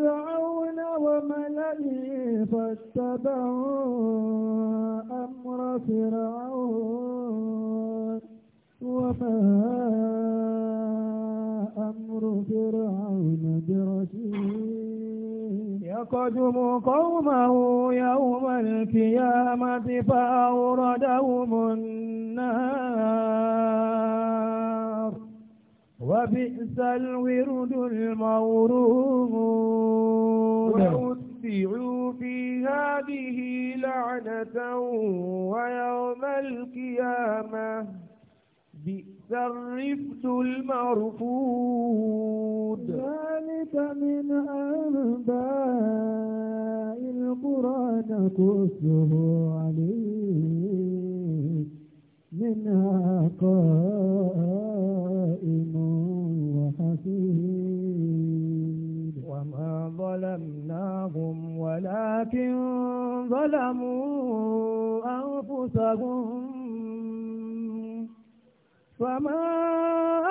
فرعون وملئه فاتبعوا أمر فرعون وما أمر فرعون برشيد يقدم قومه يوم القيامة فأوردهم النار وبئس الورد المورود وأتبعوا في هذه لعنة ويوم القيامة بئس الرفد المرفود ذلك من أنباء القرآن نقصه عليك منها قائل شاكرين وما ظلمناهم ولكن ظلموا أنفسهم فما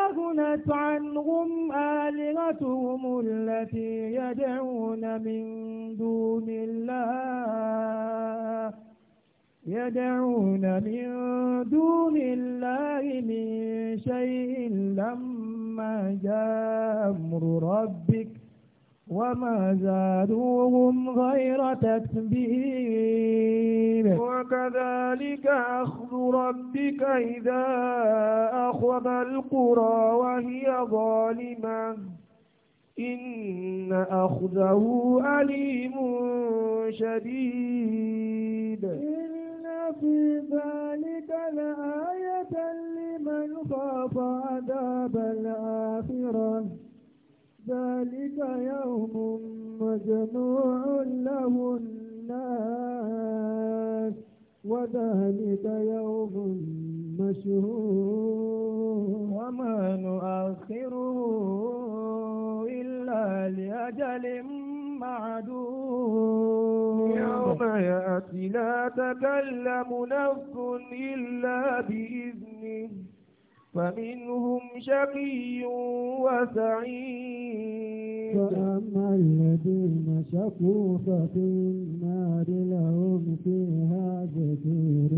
أغنت عنهم آلهتهم التي يدعون من دون الله يدعون من دون الله من شيء لما جاء أمر ربك وما زادوهم غير تتبير وكذلك أخذ ربك إذا أخذ القرى وهي ظالمة إن أخذه أليم شديد في ذلك لآية لمن خاف عذاب الآخرة ذلك يوم مجموع له الناس وذلك يوم مشهور وما نؤخره إلا لأجل وعدوه يوم يأتي لا تكلم نفس إلا بإذنه فمنهم شقي وسعيد فأما الذين شقوا ففي النار لهم فيها زفير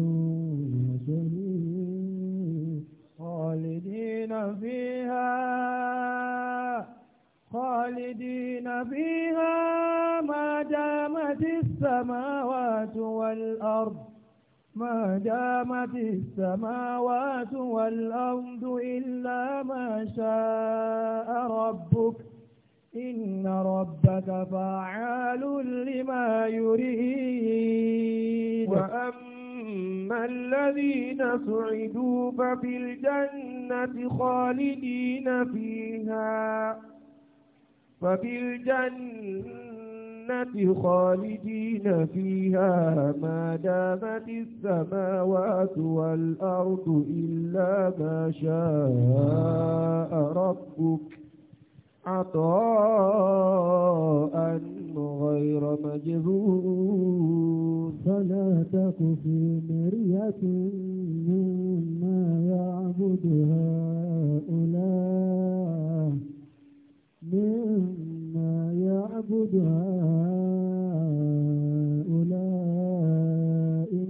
وجميل خالدين فيها خالدين فيها ما دامت السماوات والأرض ما دامت السماوات والأرض إلا ما شاء ربك إن ربك فعال لما يريد وأما الذين سعدوا ففي الجنة خالدين فيها ففي الجنة خالدين فيها ما دامت السماوات والأرض إلا ما شاء ربك عطاء غير مجذور فلا تك في مرية مما يعبد هؤلاء مما يعبد هؤلاء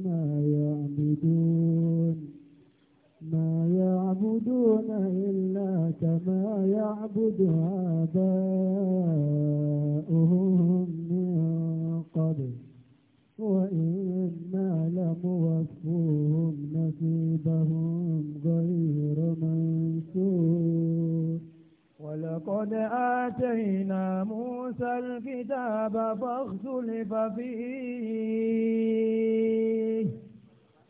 ما يعبدون ما يعبدون إلا كما يعبد آباؤهم من قبل وإنا لموفوهم نصيبهم غير منصور ولقد آتينا موسى الكتاب فاختلف فيه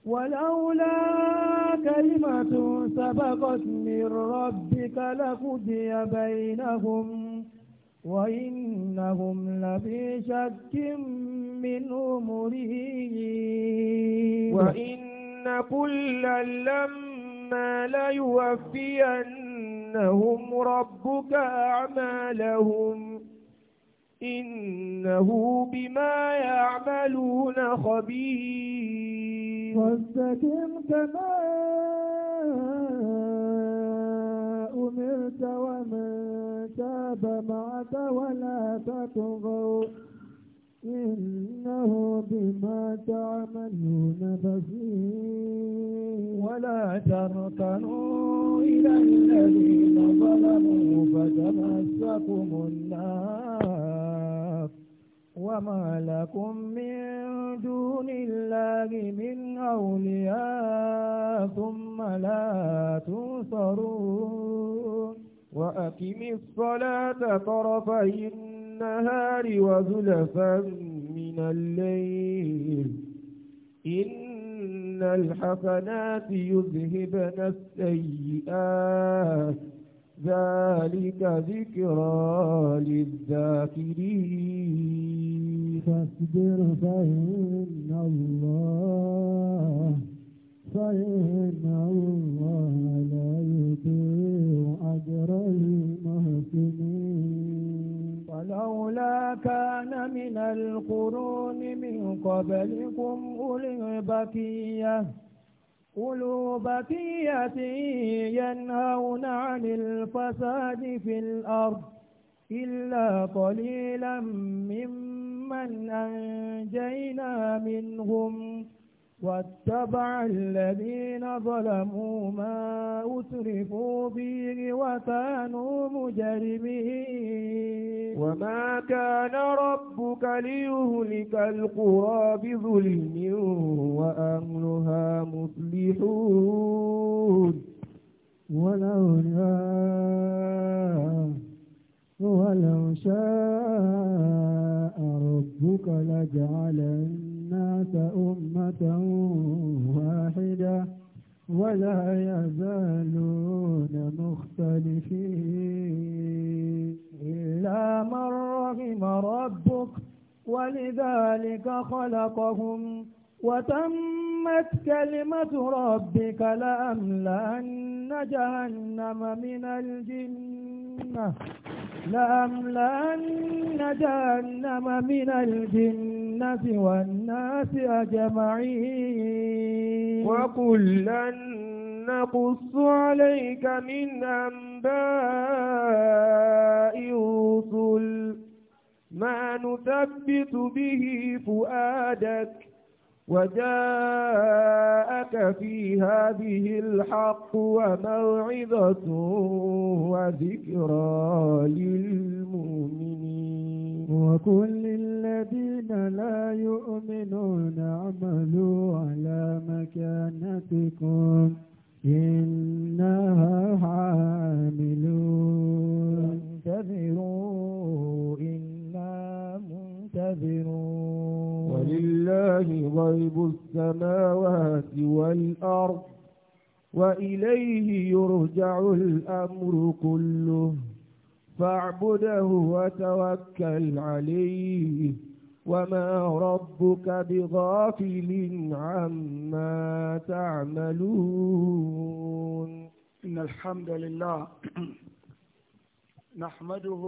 ولولا كلمة سبقت من ربك لقضي بينهم وإنهم لفي شك من مريب وإن كلا لما إما ليوفينهم ربك أعمالهم إنه بما يعملون خبير واستقم كما أمرت ومن تاب معك ولا تطغوا إنه بما تعملون بصير ولا تركنوا إلى الذين ظلموا فتمسكم النار وما لكم من دون الله من أولياء ثم لا تنصرون وأقم الصلاة طرفي النهار وزلفا من الليل إن الحسنات يذهبن السيئات ذلك ذكرى للذاكرين فاصبر فإن الله قبلكم أولي بكية أولو بكية ينهون عن الفساد في الأرض إلا قليلا ممن أنجينا منهم واتبع الذين ظلموا ما أسرفوا فيه وكانوا مجرمين وما كان ربك ليهلك القرى بظلم وأهلها مصلحون ولو شاء ولو شاء ربك لجعلني الناس أمة واحدة ولا يزالون مختلفين إلا من رحم ربك ولذلك خلقهم وتمت كلمة ربك لأملأن جهنم من الجنة لأملأن جهنم من الجنة والناس أجمعين وكلا نقص عليك من أنباء رسل ما نثبت به فؤادك وجاءك في هذه الحق وموعظة وذكرى للمؤمنين وقل للذين لا يؤمنون اعملوا على مكانتكم إنها عاملون انتظروا إن يعتذرون ولله غيب السماوات والأرض وإليه يرجع الأمر كله فاعبده وتوكل عليه وما ربك بغافل عما تعملون إن الحمد لله نحمده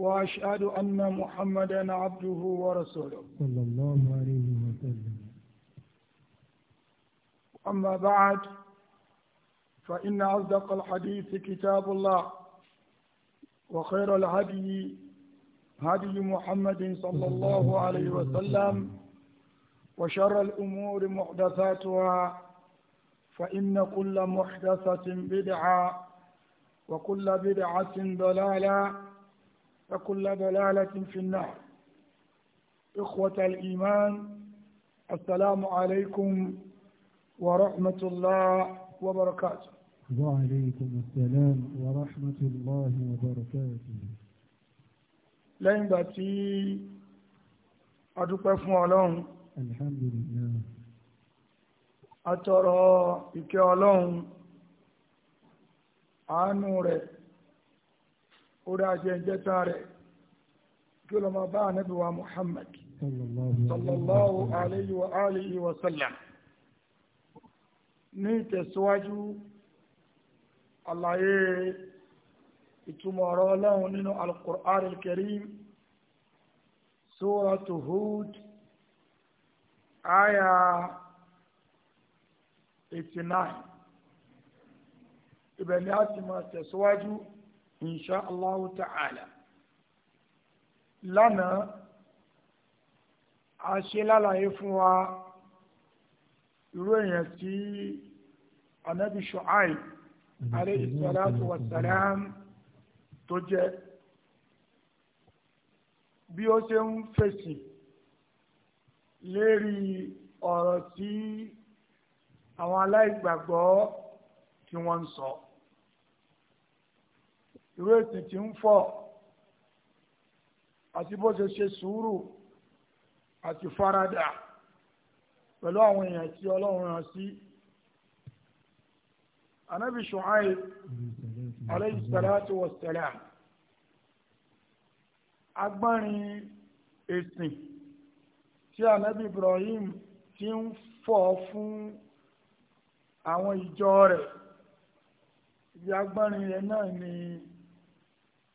وأشهد أن محمدا عبده ورسوله صلى الله عليه وسلم أما بعد فإن أصدق الحديث كتاب الله وخير الهدي هدي محمد صلى الله عليه وسلم وشر الأمور محدثاتها فإن كل محدثة بدعة وكل بدعة ضلالة فكل ضلالة في النار إخوة الإيمان السلام عليكم ورحمة الله وبركاته وعليكم السلام ورحمة الله وبركاته lẹ́yìn ìgbà tí a dúpẹ́ fún ọlọ́run alhamdulillah a tọrọ وراجين جتاري كل ما با نبوى محمد صلى الله عليه وآله وسلم نيت سواجو الله يه إتو مرالاو القرآن الكريم سورة هود آية 89 إبن ياتي ما تسواجو insha allahu ta'ala lánàá a ṣe lálàyé fún wa irú èèyàn tí anabi shu'aib alayhi salatu wa salam tó jẹ́ bí ó ṣe ń fèsì lérí ọ̀rọ̀ tí àwọn aláìgbàgbọ́ tí wọ́n ń sọ. So irú èsì tí ń fọ̀ àti bó ṣe ṣe sùúrù àti faradà pẹ̀lú àwọn èèyàn tí ọlọ́run rán sí. anabi Shu'aib alayhi salatu wa salam agbárin ẹ̀sìn tí anabi Ibrahim ti ń fọ̀ fún àwọn ìjọ rẹ̀ ibi agbárin rẹ̀ náà ni.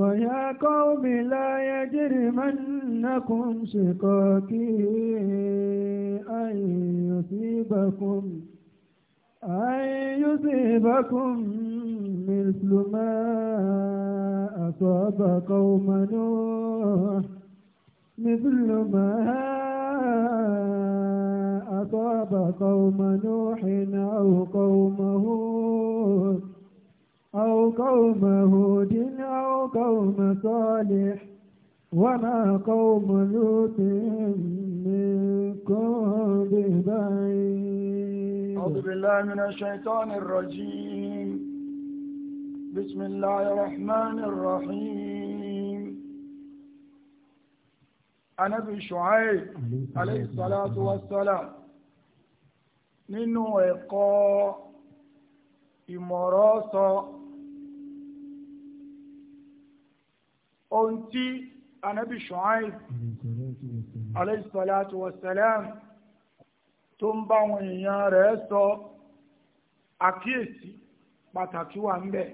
ويا قوم لا يجرمنكم شقاقي أن يصيبكم أن يصيبكم مثل ما أصاب قوم نوح مثل ما أصاب قوم نوح أو قوم هود أو قوم هود أو قوم صالح وما قوم لوط منكم ببعيد أعوذ بالله من الشيطان الرجيم بسم الله الرحمن الرحيم عن أبي شعيب عليه الصلاة والسلام من ẹ̀kọ́ ìmọ̀rọ̀ ohun tí anabi Shuaib alayhi salatu wassalam tó ń bá wọn èèyàn rẹ̀ sọ àkíyèsí pàtàkì wà ń bẹ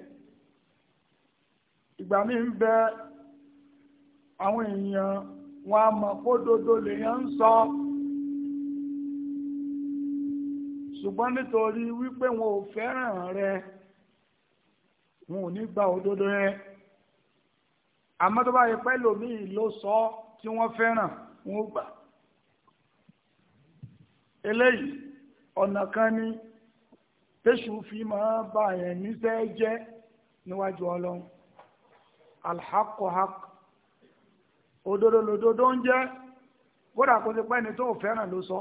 ìgbà mi ń bẹ àwọn èèyàn wọn a mọ̀ kó dodo lèèyàn ń sọ ṣùgbọ́n nítorí wípé wọn ò fẹ́ràn rẹ wọn ò ní gba òdodo yẹn. àmọ́ tó bá yẹ pẹ́ lòmíì ló sọ tí wọ́n fẹ́ràn wọn gbà eléyìí ọ̀nà kan ni tẹ́sù fi máa bá yẹn níṣẹ́ jẹ́ níwájú ọlọ́run alhakohak òdodo lòdodo ń jẹ́ kódà kó ti pẹ́ ni tó fẹ́ràn ló sọ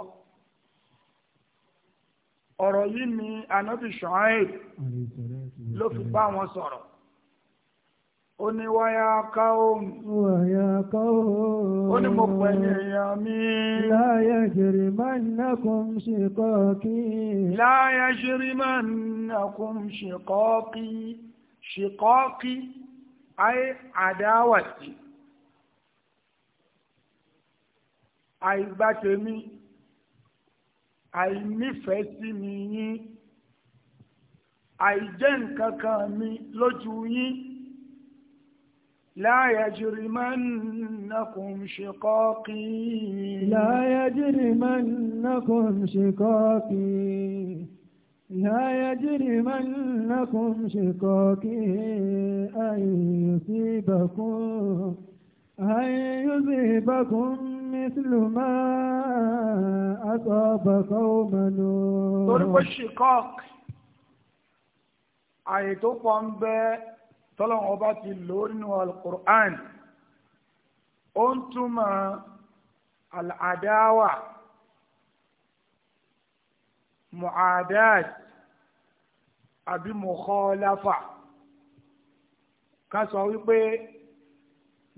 ọ̀rọ̀ yìí ni anabi shuaib ló fi bá wọn sọ̀rọ̀ ó ní wáyá káòm wáyá káòm ó ní mo pẹ̀ ní èèyàn mi láyé ṣeré máa ń nákùn ṣe kọ́ọ̀kí láyé ṣeré máa ń nákùn ṣe kọ́ọ̀kí ṣe kọ́ọ̀kí ayé àdáwàtí àìgbàtẹ̀mí àìnífẹ̀ẹ́ sí mi yín àìjẹ́ nǹkan kan mi lójú yín لا يجرمنكم شقاقي لا يجرمنكم شقاقي لا يجرمنكم شقاقي أن يصيبكم أن يصيبكم مثل ما أصاب قوم نوح. طرق الشقاق أي تقوم به tọ́lọ́run ọba ti lò ó nínú alukur'an ó ń túmọ̀ al'adáwà mu'adad àbí mukhalafa ká sọ wípé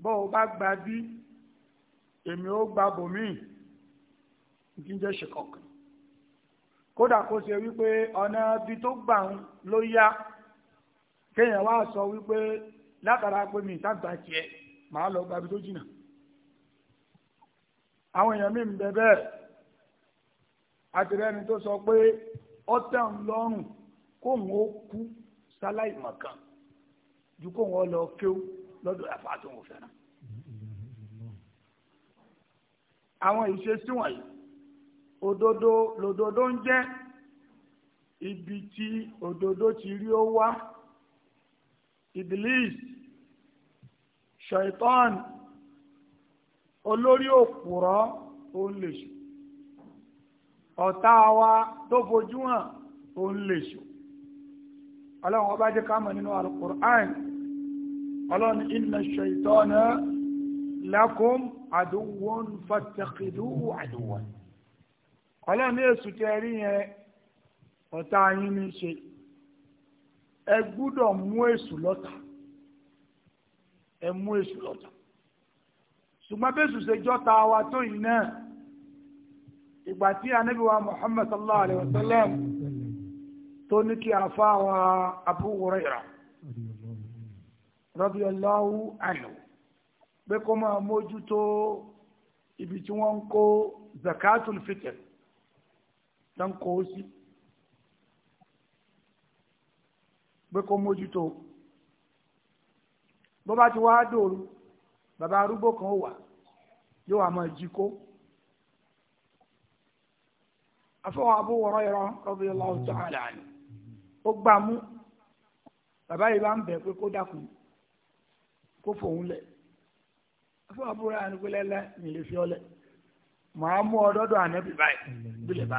bọ́ọ̀ bá gba bí èmi ó gba bòmíì kí n jẹ́ ṣe kọ̀ọ̀kan kódà kó ṣe wípé ọ̀nà ibi tó gbà ń ló kéèyàn wá sọ wípé látara pé mi ìtàgbà tiẹ̀ màá lọ gbabi tó jìnnà àwọn èèyàn mi ń bẹ bẹ́ẹ̀ àtìrẹ́ni tó sọ pé ọ̀tẹ̀ ń lọ́rùn kóun ó kú sáláì mọ̀kan ju kóun ó lọ kéwú lọ́dọ̀ àfa tó ń fẹ́ràn. àwọn ìṣesí wọ̀nyí òdodo lòdodo ń jẹ́ ibi tí òdodo ti rí ó wá iblis shaitan olórí òpùrọ́ òun lè ṣù ọ̀tá wa tó fojú hàn òun lè ṣù ọlọ́run ọba jẹ́ ká mọ̀ nínú alukur'an ọlọ́run inna shaitana lakum aduwwun fattaqiduhu aduwwan ọlọ́run ní èsù tẹ́rí yẹn ọ̀tá yín ní ṣe. ẹ gbúdọ̀ mú èṣù lọ́tà ẹ mú èṣù lọ́tà ṣùgbọ́n bẹ́sù ṣe jọ́ta wa tó yìí náà ìgbà tí ànábì wa Muhammad sallallahu alayhi wa sallam tó ní kí wa Abu anhu máa mójútó ibi tí wọ́n ń kó zakatul fitr tán kó pé kó mójútó bó bá ti wá dòru bàbá arúgbó kan wà yóò wà máa jí kó afọwọ́ Abu Hurairah radiyallahu ta'ala anhu ó gbà mú bàbá yìí bá ń bẹ̀ pé kó dákun kó fòun lẹ̀ afọwọ́ Abu Hurairah ni pé lẹ́lẹ́ mi lè fi ọ lẹ̀ màá mú ọ dọ́dọ̀ ànẹ́bí báyìí bílẹ̀ bá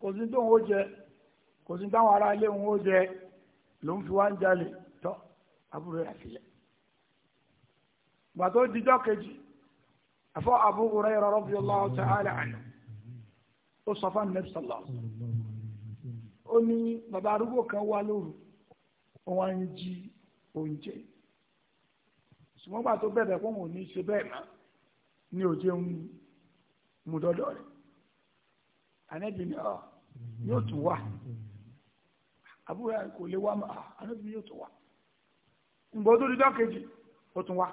kò sí tóun ó jẹ kò sí táwọn ará ilé òun ó jẹ ló ń fi wá ń jalè didọ àbúrò kejì afọ Abu Hurairah radiyallahu ta'ala anhu ó sọ fún Nabi sallallahu ó ní bàbá arúgbó kan wá lóru wọn ń jí oúnjẹ ṣùgbọ́n gbà tó fún òun ní ṣe bẹ́ẹ̀ mọ́ ní òjé ń àbúrò kò lè wá máa ah, ànábì yóò tó wá ǹgbọ́n tó di dọ́kejì ó tún wá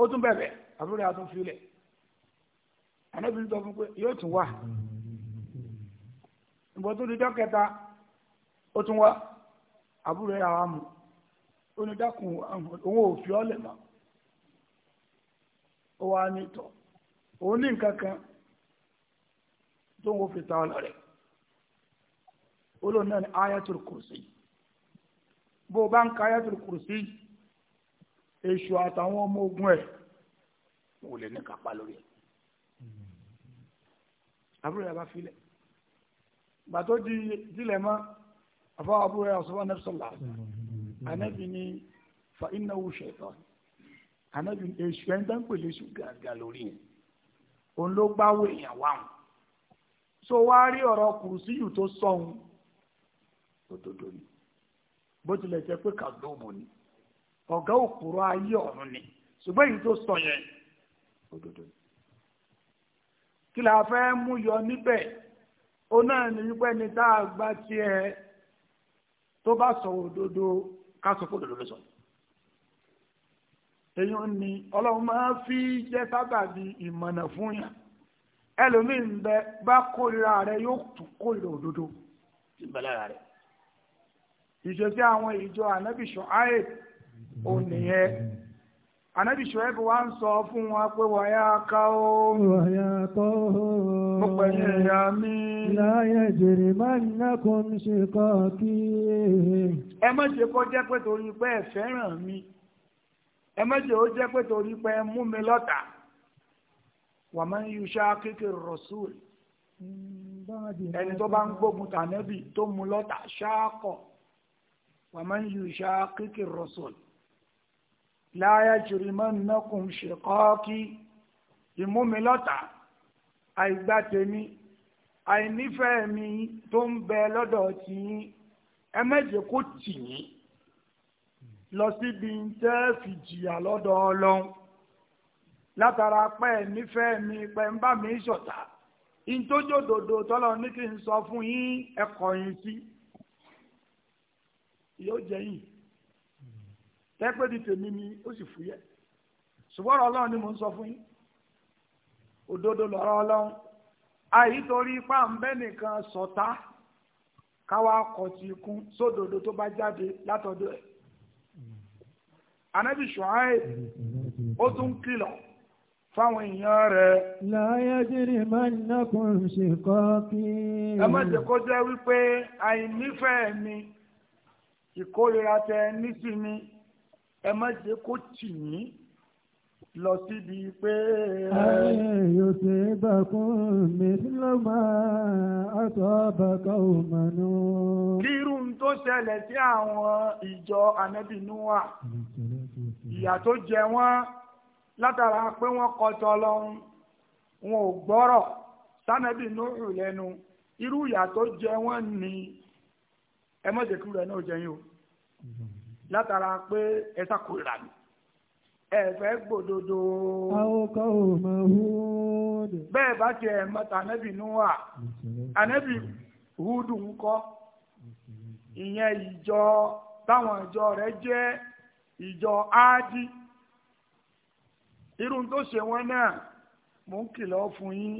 ó tún bẹ̀rẹ̀ àbúrò yà filẹ̀ ànábì yóò tó fún pé yóò tún wá ǹgbọ́n tó di dọ́kẹta ó tún wá àbúrò yà onídàkùn òun ò fi ọ́ lẹ̀ ó wá ní tọ òun ní nǹkan kan tó ń wo fi ta ọ olóòrùn ni ayatul kursi bó o bá ń ka ayatul kursi èṣù àtàwọn ọmọ ogun ẹ̀ wò lè ní kápá lórí ẹ̀ àbúrò yà bá filẹ̀ bàtó di dilẹ̀ mọ́ àbá àbúrò yà sọ́wọ́n náà sọ̀lá ànábì ni fa iná wù ṣẹ̀tọ́ èṣù ẹ̀ ń ń pè léṣù gàgà lórí yẹn òun ló gbáwó èèyàn wáhùn so wá rí ọ̀rọ̀ kùrùsíyù tó sọ̀hún òdodo ni bó tilẹ̀ jẹ́ pé kàdóòbò ni ọ̀gá òpùrọ̀ ayé ọ̀run ni ṣùgbọ́n èyí tó sọ yẹn òdodo ni. kí la yọ níbẹ̀ ó náà ní wípé ní tá a gbá tiẹ̀ tó bá sọ òdodo ká sọ fún òdodo ló sọ. ni ọlọ́run máa fi jẹ́ ìmọ̀nà fún yàn bẹ bá ìṣesí àwọn ìjọ ànábì Ṣuaib òun nìyẹn ànábì Ṣuaib wa ń sọ fún wa pé wàyà ká ó wàyà tó ó pẹ̀lú ìyá mi. láyé jèrè máa ń nákun ṣe kọ́ kí. ẹ má ṣe kó jẹ́ pé torí pé ẹ fẹ́ràn mi ẹ má ṣe ó jẹ́ pé torí pé ẹ mú mi lọ́tà wà máa ń yuṣá kékeré rọ̀ṣúl ẹni tó bá ń gbógun tànẹ́bì tó mú lọ́tà ṣáàkọ̀. ومن يشاقق الرسول لا يجرمنكم شقاقي ìmúmilọ́ta àìgbàtẹ̀mí àìnífẹ̀ẹ́mi tó ń bẹ lọ́dọ̀ tìyín ẹ mẹ́jẹ̀ kó tìyín lọ síbi tẹ́ fi jìyà lọ́dọ̀ ọlọ́run látara pẹ́ nífẹ̀ẹ́mi pẹ́ ń bá mi ṣọ̀tá ìtójódodo tọ́lọ́ ní kí n sọ fún yín ẹ kọ̀yìn sí. Si yóò jẹ yìí tẹ́pẹ́ di tèmi ni ó sì fúyẹ́ ṣùgbọ́n ọlọ́run ni mo ń sọ fún yín òdodo lọ́rọ̀ ọlọ́run àyí torí ipá ń bẹ́ nìkan sọ̀tá káwa kọ̀ sí ikún sódodo tó bá jáde látọ̀dọ̀ ẹ̀ anabi Shuaib ó tún kìlọ̀ fáwọn èèyàn rẹ̀. láyé jírí máa ń nàkùn ṣe kọ́ kí. ẹ má jẹ́ kó jẹ́ wípé àìnífẹ̀ẹ́ mi. ìkórira tẹ nísìmí ẹ má ṣe kó tì yín lọ síbi pé. ayò ṣe é bá fún mi lọ́mọ àtọ́ bàkà òmànú. kírun tó ṣẹlẹ̀ sí àwọn ìjọ ànábìnúwà ìyà tó jẹ wọ́n látara pé wọ́n kọtọ lọ́hún wọn ò gbọ́rọ̀ sànábìnúhù lẹ́nu irú ìyà tó jẹ wọ́n ni ẹ má jẹ́ kí rẹ̀ náà jẹyìn o látara pé ẹ sàkó ìrànú ẹ fẹ́ gbòdodo. àwòkọ́ ò mọ húdù. bẹ́ẹ̀ bá tiẹ̀ mọ́ta ànábì núwà ànábì húdù ń kọ́ ìyẹn ìjọ táwọn ìjọ rẹ̀ jẹ́ ìjọ áádì irun tó ṣe wọn náà mò ń kìlọ̀ fún yín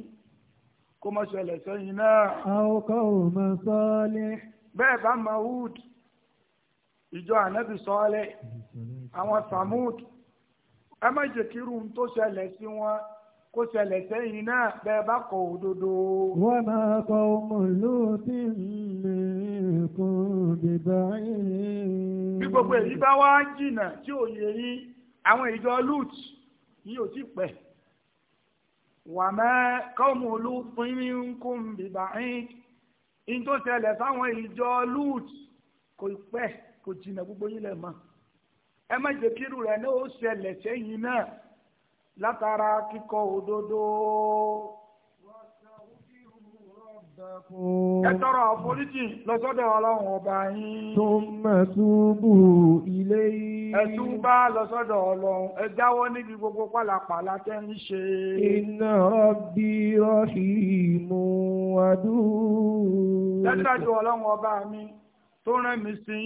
kó má ṣẹlẹ̀ sẹ́yìn náà. àwòkọ́ ò mọ sọ́ọ́lì bẹ́ẹ̀ bá mahud ìjọ ànábì sọ́ọ́lẹ̀ àwọn samud ẹ má jẹ́ kí irun tó ṣẹlẹ̀ sí wọn kó ṣẹlẹ̀ sẹ́yìn náà bẹ́ẹ̀ bá kọ̀ òdodo. wọ́n máa kọ ọmọ lóòótì lẹ́ẹ̀kan bíbá yìí. bí gbogbo èyí bá wá jìnnà tí ò yẹ yín àwọn ìjọ lut yìí ò ti pẹ́ wàmẹ́ kọ́mọ̀lù pínpín kùn bíbá yìí in tó ṣẹlẹ̀ fáwọn ìjọ lut kò pẹ́ kò jìnnà gbogbo yín lẹ̀ mọ́ ẹ má jẹ́ kírù rẹ̀ ní ó ṣẹlẹ̀ sẹ́yìn náà látara kíkọ̀ òdodo ẹ tọrọ àforíjì lọ́sọ́dọ̀ ọlọ́run ọba yín. tó mọ̀ túbù ilé yìí. ẹ túbá lọ́sọ́dọ̀ ọlọ́run ẹ jáwọ́ níbi gbogbo pálapàla tẹ́ ń ṣe. iná rọ́bì rọ́hìmù adúrú. lẹ́tàjú ọlọ́run ọba mi tó rán mi sí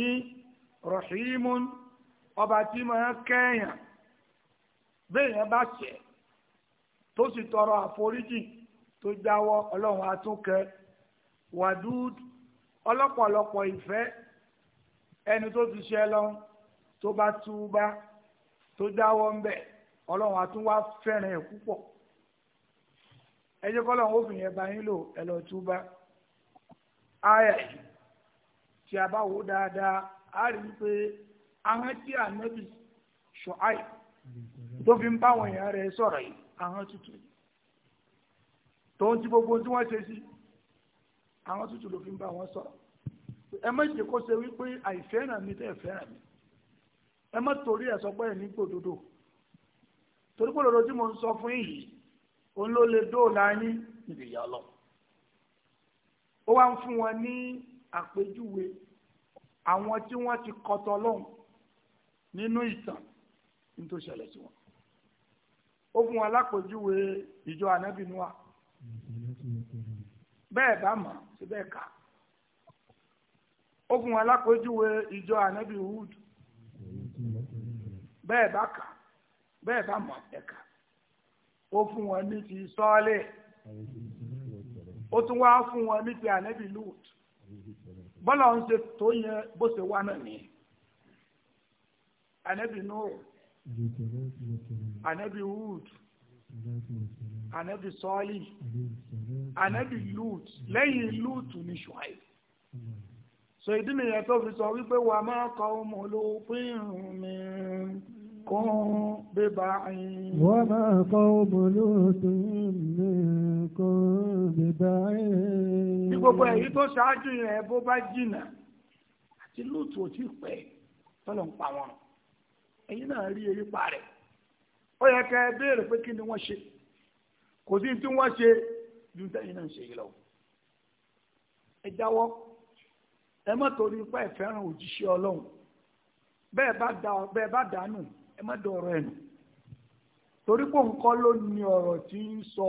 wadud ọlọ́pọ̀lọpọ̀ ìfẹ́ ẹni tó ti ṣe lọ tó bá túbá tó dáwọ́ ń bẹ̀ ọlọ́run àtúnwá fẹ́ràn ẹ̀ púpọ̀ ẹ jẹ́ kọ́lọ́run ó fi yẹn bá yín lò ẹ lọ túbá ayẹ tí a bá wò dáadáa a rí i pé àwọn tí ànábì ṣọ́áì tó fi ń bá àwọn èèyàn rẹ̀ sọ̀rọ̀ yìí àwọn tuntun tó ń ti gbogbo tí wọ́n ṣe sí àwọn tuntun ló fi ń bá wọn sọrọ. ẹ má jẹ́ kó ṣe wípé àìfẹ́ràn mi tẹ́ fẹ́ràn torí ẹ̀ sọ pé ẹ̀ ní torí pé tí mo ń sọ fún yìí òun ló lè dóòlà yín níbi ìyá lọ ó wá ń fún wọn ní àpèjúwe àwọn tí wọ́n ti kọtọ lọ́hùn ìtàn wọn ìjọ bẹ́ẹ̀ bá mọ̀ síbẹ̀ kà ogun alákòójúwe ìjọ ànábì wood bẹ́ẹ̀ bá kà bẹ́ẹ̀ bá mọ̀ ẹ̀ka ó fún wọn ní ti sọ́ọ́lẹ̀ ó tún wá fún wọn ní ti ànábì wood bọ́lá ń ṣe tó bó anabi sọ́ọ́lì anabi lut lẹ́yìn lut ní ṣùáì so ìdí nìyẹn tó fi sọ wípé wà máa kọ ọmọ olóòfin mi kún bébà yín. wọ́n máa kọ ọmọ olóòfin mi kún bébà yín. ní gbogbo èyí tó ṣáájú yẹn bó bá jìnnà àti lut ò tí pẹ́ tọ́lọ̀ ń pa wọn ẹ̀yin náà rí erípa rẹ̀. ó yẹ ká ẹ béèrè pé ṣe kò sí tí wọ́n ṣe ju tẹ́yìn náà ṣe yìí lọ. ẹ jáwọ́ ẹ má torí pé ẹ òjíṣẹ́ ọlọ́run bá da bẹ́ẹ̀ bá dànù ẹ má nù torí pé nǹkan ló ní ọ̀rọ̀ tí ń sọ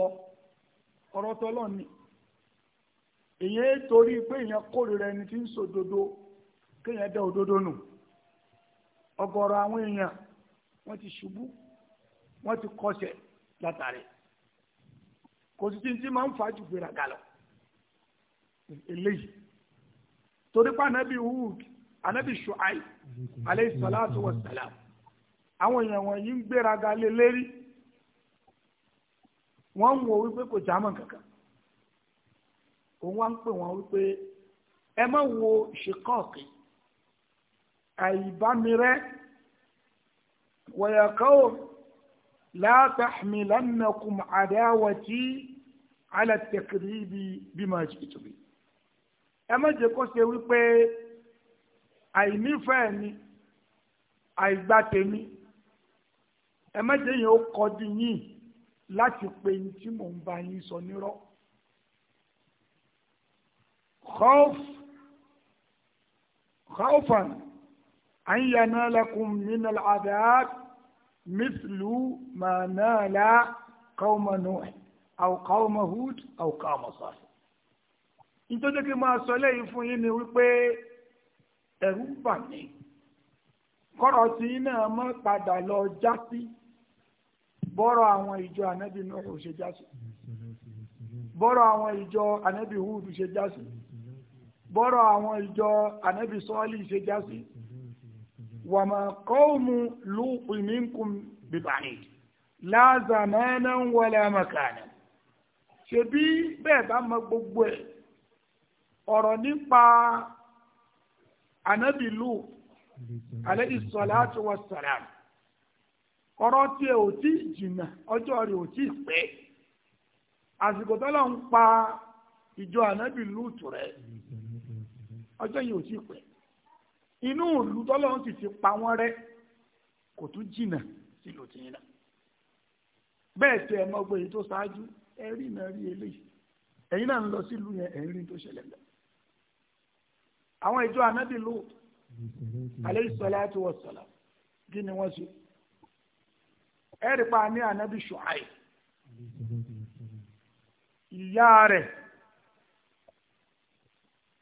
ni èyàn torí pé èyàn kórìíra ẹni tí ń kéèyàn òdodo nù àwọn èèyàn ti ṣubú wọ́n ti kọ́sẹ̀ látàrí kò sí tí máa ń fa gbéra galọ eléyìí torí pa anabi Hud anabi Shu'ai salatu wa salam àwọn èèyàn wọ̀nyí ń gbéra lérí wọ́n ń wò wípé kò jámọ́ kankan òun wá ń pè wọ́n wípé ẹ má wo àìbámirẹ́ wọ̀yàkọ́ لا تحملنكم عداوتي على التكذيب بما جئت به ẹ má jẹ́ kó ṣe wípé àìnífẹ̀ẹ́ mi àìgbà tèmi ẹ má jẹ́ yẹn ó kọjú yín láti pe ní tí mò ń bá yín sọ nírọ́ خوف خوفا أن ينالكم من العذاب mithlu ما nala قوم نوح aw قوم هود aw قوم صالح. nítorí kí ما sọ lẹ́yìn fún yín ni wípé ẹ̀rù bà mí kọ́rọ̀ tí náà mọ́ padà lọ já sí bọ́rọ̀ àwọn ìjọ ànábì Nuhu ṣe já sí bọ́rọ̀ àwọn ìjọ ànábì Hud ṣe já sí àwọn ìjọ ànábì sọ́ọ́lì ṣe já وما قوم لوط منكم ببعيد لا زمانا ولا مكانا gbogbo ẹ̀ ọ̀rọ̀ nípa anabi Lut alayhi salatu wassalam ọ̀rọ̀ tí ẹ̀ ò tí ì jìnnà ọjọ́ rẹ̀ ò tí anabi inú ìlú tọ́lọ́run sì ti pa wọ́n rẹ́ kò tún jìnnà sílùú tìyìn náà bẹ́ẹ̀ tẹ ẹ mọ́gbọ́n èyí tó ṣáájú ẹ rí iná rí eléyìí ẹ̀yin náà ń lọ sílùú yẹn ẹ̀yin rí tó ṣẹlẹ̀ lọ. àwọn ìjọ anábì lò alayhi salatu wassalam kí ni wọ́n ṣe ẹ rí pa ní anábì Ṣuaib ìyá rẹ̀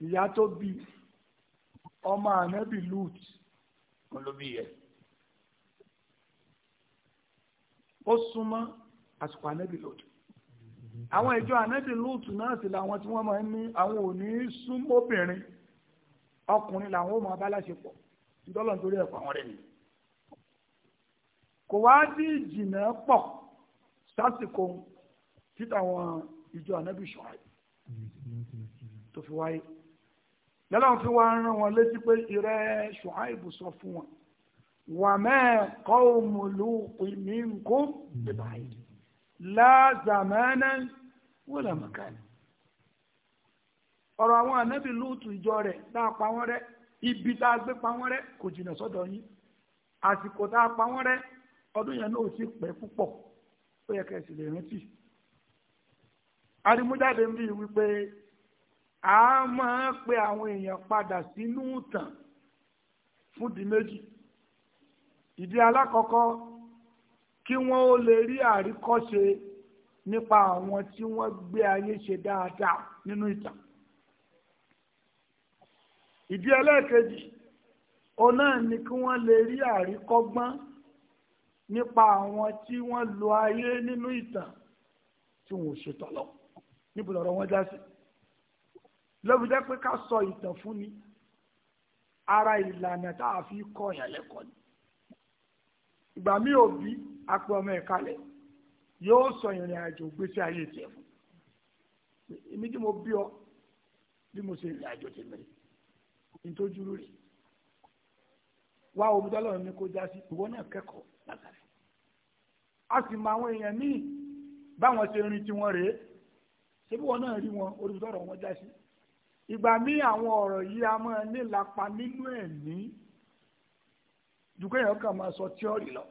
ìyá tó bí ọmọ ànábì lut olóbi yẹ ó súnmọ́ àsìkò ànábì lut àwọn ìjọ ànábì lut náà sì làwọn tí wọ́n máa ń ní àwọn ò ní súnmọ́bìnrin ọkùnrin làwọn ò máa bá láṣepọ̀ ìdọ́lọ̀ nítorí ẹ̀kọ́ àwọn rẹ̀ nìyí kò wá sí ìjìnà pọ̀ sásìkò títà àwọn ìjọ ànábì ṣọ́ra tó fi wáyé lọ́lọ́run fi wá rán wọn létí pé ìrẹ́ ṣùháìbù sọ fún wọn wà mẹ́ẹ̀ kọ́ òmùlùkù ní nkó bíbáyìí láàzàmẹ́nà wọlé mọ̀kánì ọ̀rọ̀ àwọn ànábì lóòtù ìjọ rẹ̀ tá a pa wọ́n rẹ́ ibi tá a gbé pa wọ́n rẹ́ kò jìnnà sọ́dọ̀ yín àsìkò tá a pa wọ́n rẹ́ ọdún yẹn náà ti pẹ́ púpọ̀ ó yẹ kẹ́sì lè rántí. arimújáde ń bí wípé a máa pe àwọn èèyàn padà sínú ìtàn fún di méjì ìdí alákọ̀ọ́kọ́ kí wọ́n ó lè rí àríkọ́ṣe nípa àwọn tí wọ́n gbé ayé ṣe dáadáa nínú ìtàn ìdí ẹlẹ́ẹ̀kejì òun náà ni kí wọ́n lè rí àríkọ́gbọ́n nípa àwọn tí wọ́n lo ayé nínú ìtàn tí wọ́n ò ṣètọ́lọ́ níbo lọ́rọ̀ wọn já sí lọ́bi jẹ́ pé ká sọ ìtàn fún ni ara ìlànà tá a fi kọ́ ọ̀yàn lẹ́kọ̀ọ́ ni ìgbà mi ò bí apẹ ọmọ ẹ̀ kalẹ̀ yóò sọ ìrìn àjò gbèsè ayé tiẹ̀ fún èmi tí mo bí ọ bí mo ṣe ìrìn àjò tèmi rè ntójúrú rè wá omidọ́lọ́ mi kó já sí ìwọ náà kẹ́kọ̀ọ́ látàrí a sì mọ àwọn èèyàn míì báwọn ṣe rin tiwọn rèé ṣé bí wọn náà rí wọn olùdọ́rọ̀ wọn já sí ìgbà míì àwọn ọ̀rọ̀ yìí a máa nílapa nínú ẹ̀mí ju kéèyàn kàn máa sọ tíọ́rì lọ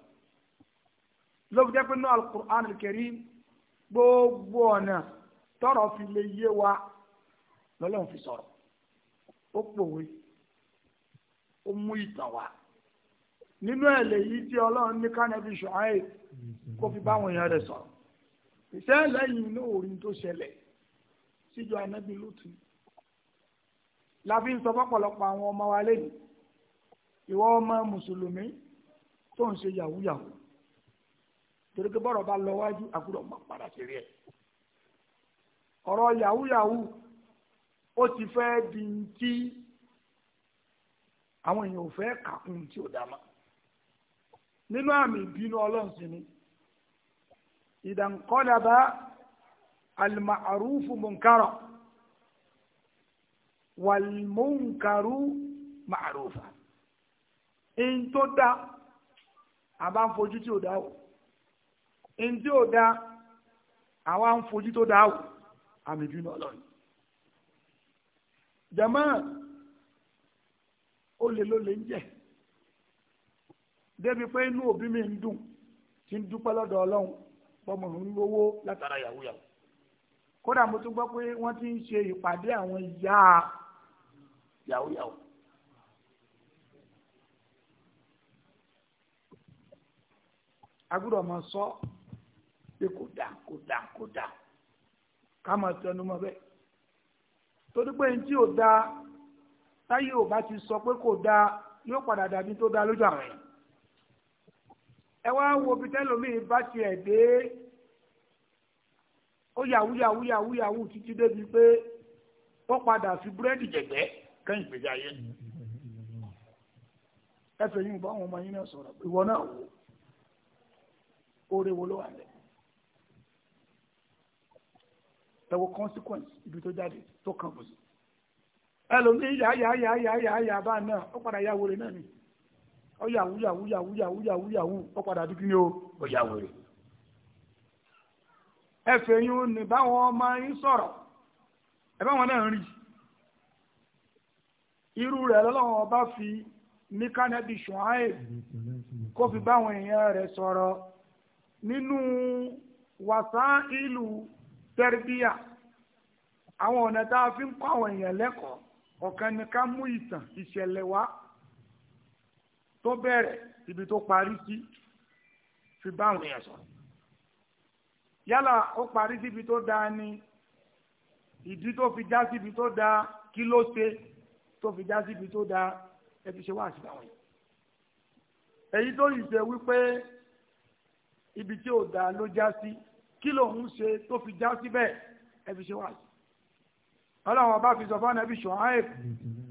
lóbi jẹ́ pé náà alukur'an Karim gbogbo ọ̀nà tọ́rọ̀ fi lè yé wa lọ́lọ́run fi sọ̀rọ̀ ó pòwe ó mú ìtàn wá nínú ẹ̀ lèyí tí ọlọ́run ní kánẹ́bí ṣùháì kó fi báwọn èèyàn rẹ̀ sọ̀rọ̀ ìṣẹ́ lẹ́yìn inú òòrùn tó ṣẹlẹ̀ síjọ anábì lótú la fi ń sọ fọ́pọ̀lọpọ̀ àwọn ọmọ wa lẹ́yìn ìwọ ọmọ mùsùlùmí tó ń ṣe yahoo yahoo torí pé bọ́rọ̀ bá lọ wájú àkúrò ọmọ padà sí rí ẹ̀ ọ̀rọ̀ yahoo ó ti fẹ́ di ti àwọn èèyàn ò fẹ́ kàkún tí ò dá mọ́ nínú àmì ìbínú ọlọ́run sí ni ìdànkọ́dàbá al munkara wàlmọ́nkarú maarufa, in tó dá a bá ń fojú tí ò dá o in tí ò dá àwa ń fojú tó dá o àmì ìbínú ọlọ́run jama olè ló lè ń jẹ débi pé inú òbí mi ń dùn tí ń dúpẹ́ lọ́dọ̀ ọlọ́run bọ́mọ ń lówó látara yàwó yàwó kódà mo tún gbọ́ pé wọ́n ti ń ṣe ìpàdé àwọn ìyá yahoo yahoo. agbọ́dọ̀ máa sọ pé kò dà kò dà kò dà ká máa tẹnu mọ́ bẹ́ẹ̀ torí pé ní tí ò da táyé ò bá ti sọ pé kò da yóò padà dàbí tó da lójú àwọn yẹn ẹ wá wo bí tẹlómìn bá tiẹ̀ dé ó yàwú títí débi pé ó padà fi búrẹ́dì jẹ̀gbẹ́. kẹ́yìn ìgbésí ayé ni ẹsẹ̀ yìí ń àwọn ọmọ náà sọ̀rọ̀ ìwọ náà wò oore wo ló wà lẹ̀ ẹwọ consequence ibi tó jáde tó kàn sí ẹlòmíì yà yà yà yà yà yà bá náà ó padà yà náà ni ó ó padà ó yà yìí báwọn ọmọ ẹ náà irú rẹ̀ lọ́lọ́wọ́n ọba fi mikanabi shuaib kó fi báwọn èèyàn rẹ̀ sọ̀rọ̀ nínú wasailu tẹ́rbíà àwọn ọ̀nà tá a fi ń kọ́ àwọn èèyàn lẹ́kọ̀ọ́ ọ̀kan ni ká mú ìtàn ìṣẹ̀lẹ̀ wá tó bẹ̀rẹ̀ ibi tó parí sí fi báwọn èèyàn sọ̀rọ̀ yálà ó parí síbi tó dáa ni ìdí tó fi já síbi tó dáa kí ló ṣe tó fi já síbi tó dáa ẹ fi ṣe wá àṣìbá wọn yìí. èyí tó yìí ṣe wípé ibi tí ò dáa ló já sí kí lòun ṣe tó fi já síbẹ̀ ẹ fi ṣe wá àṣìbá ọlọ́run ọba fi sọ fún anabi ṣùháìb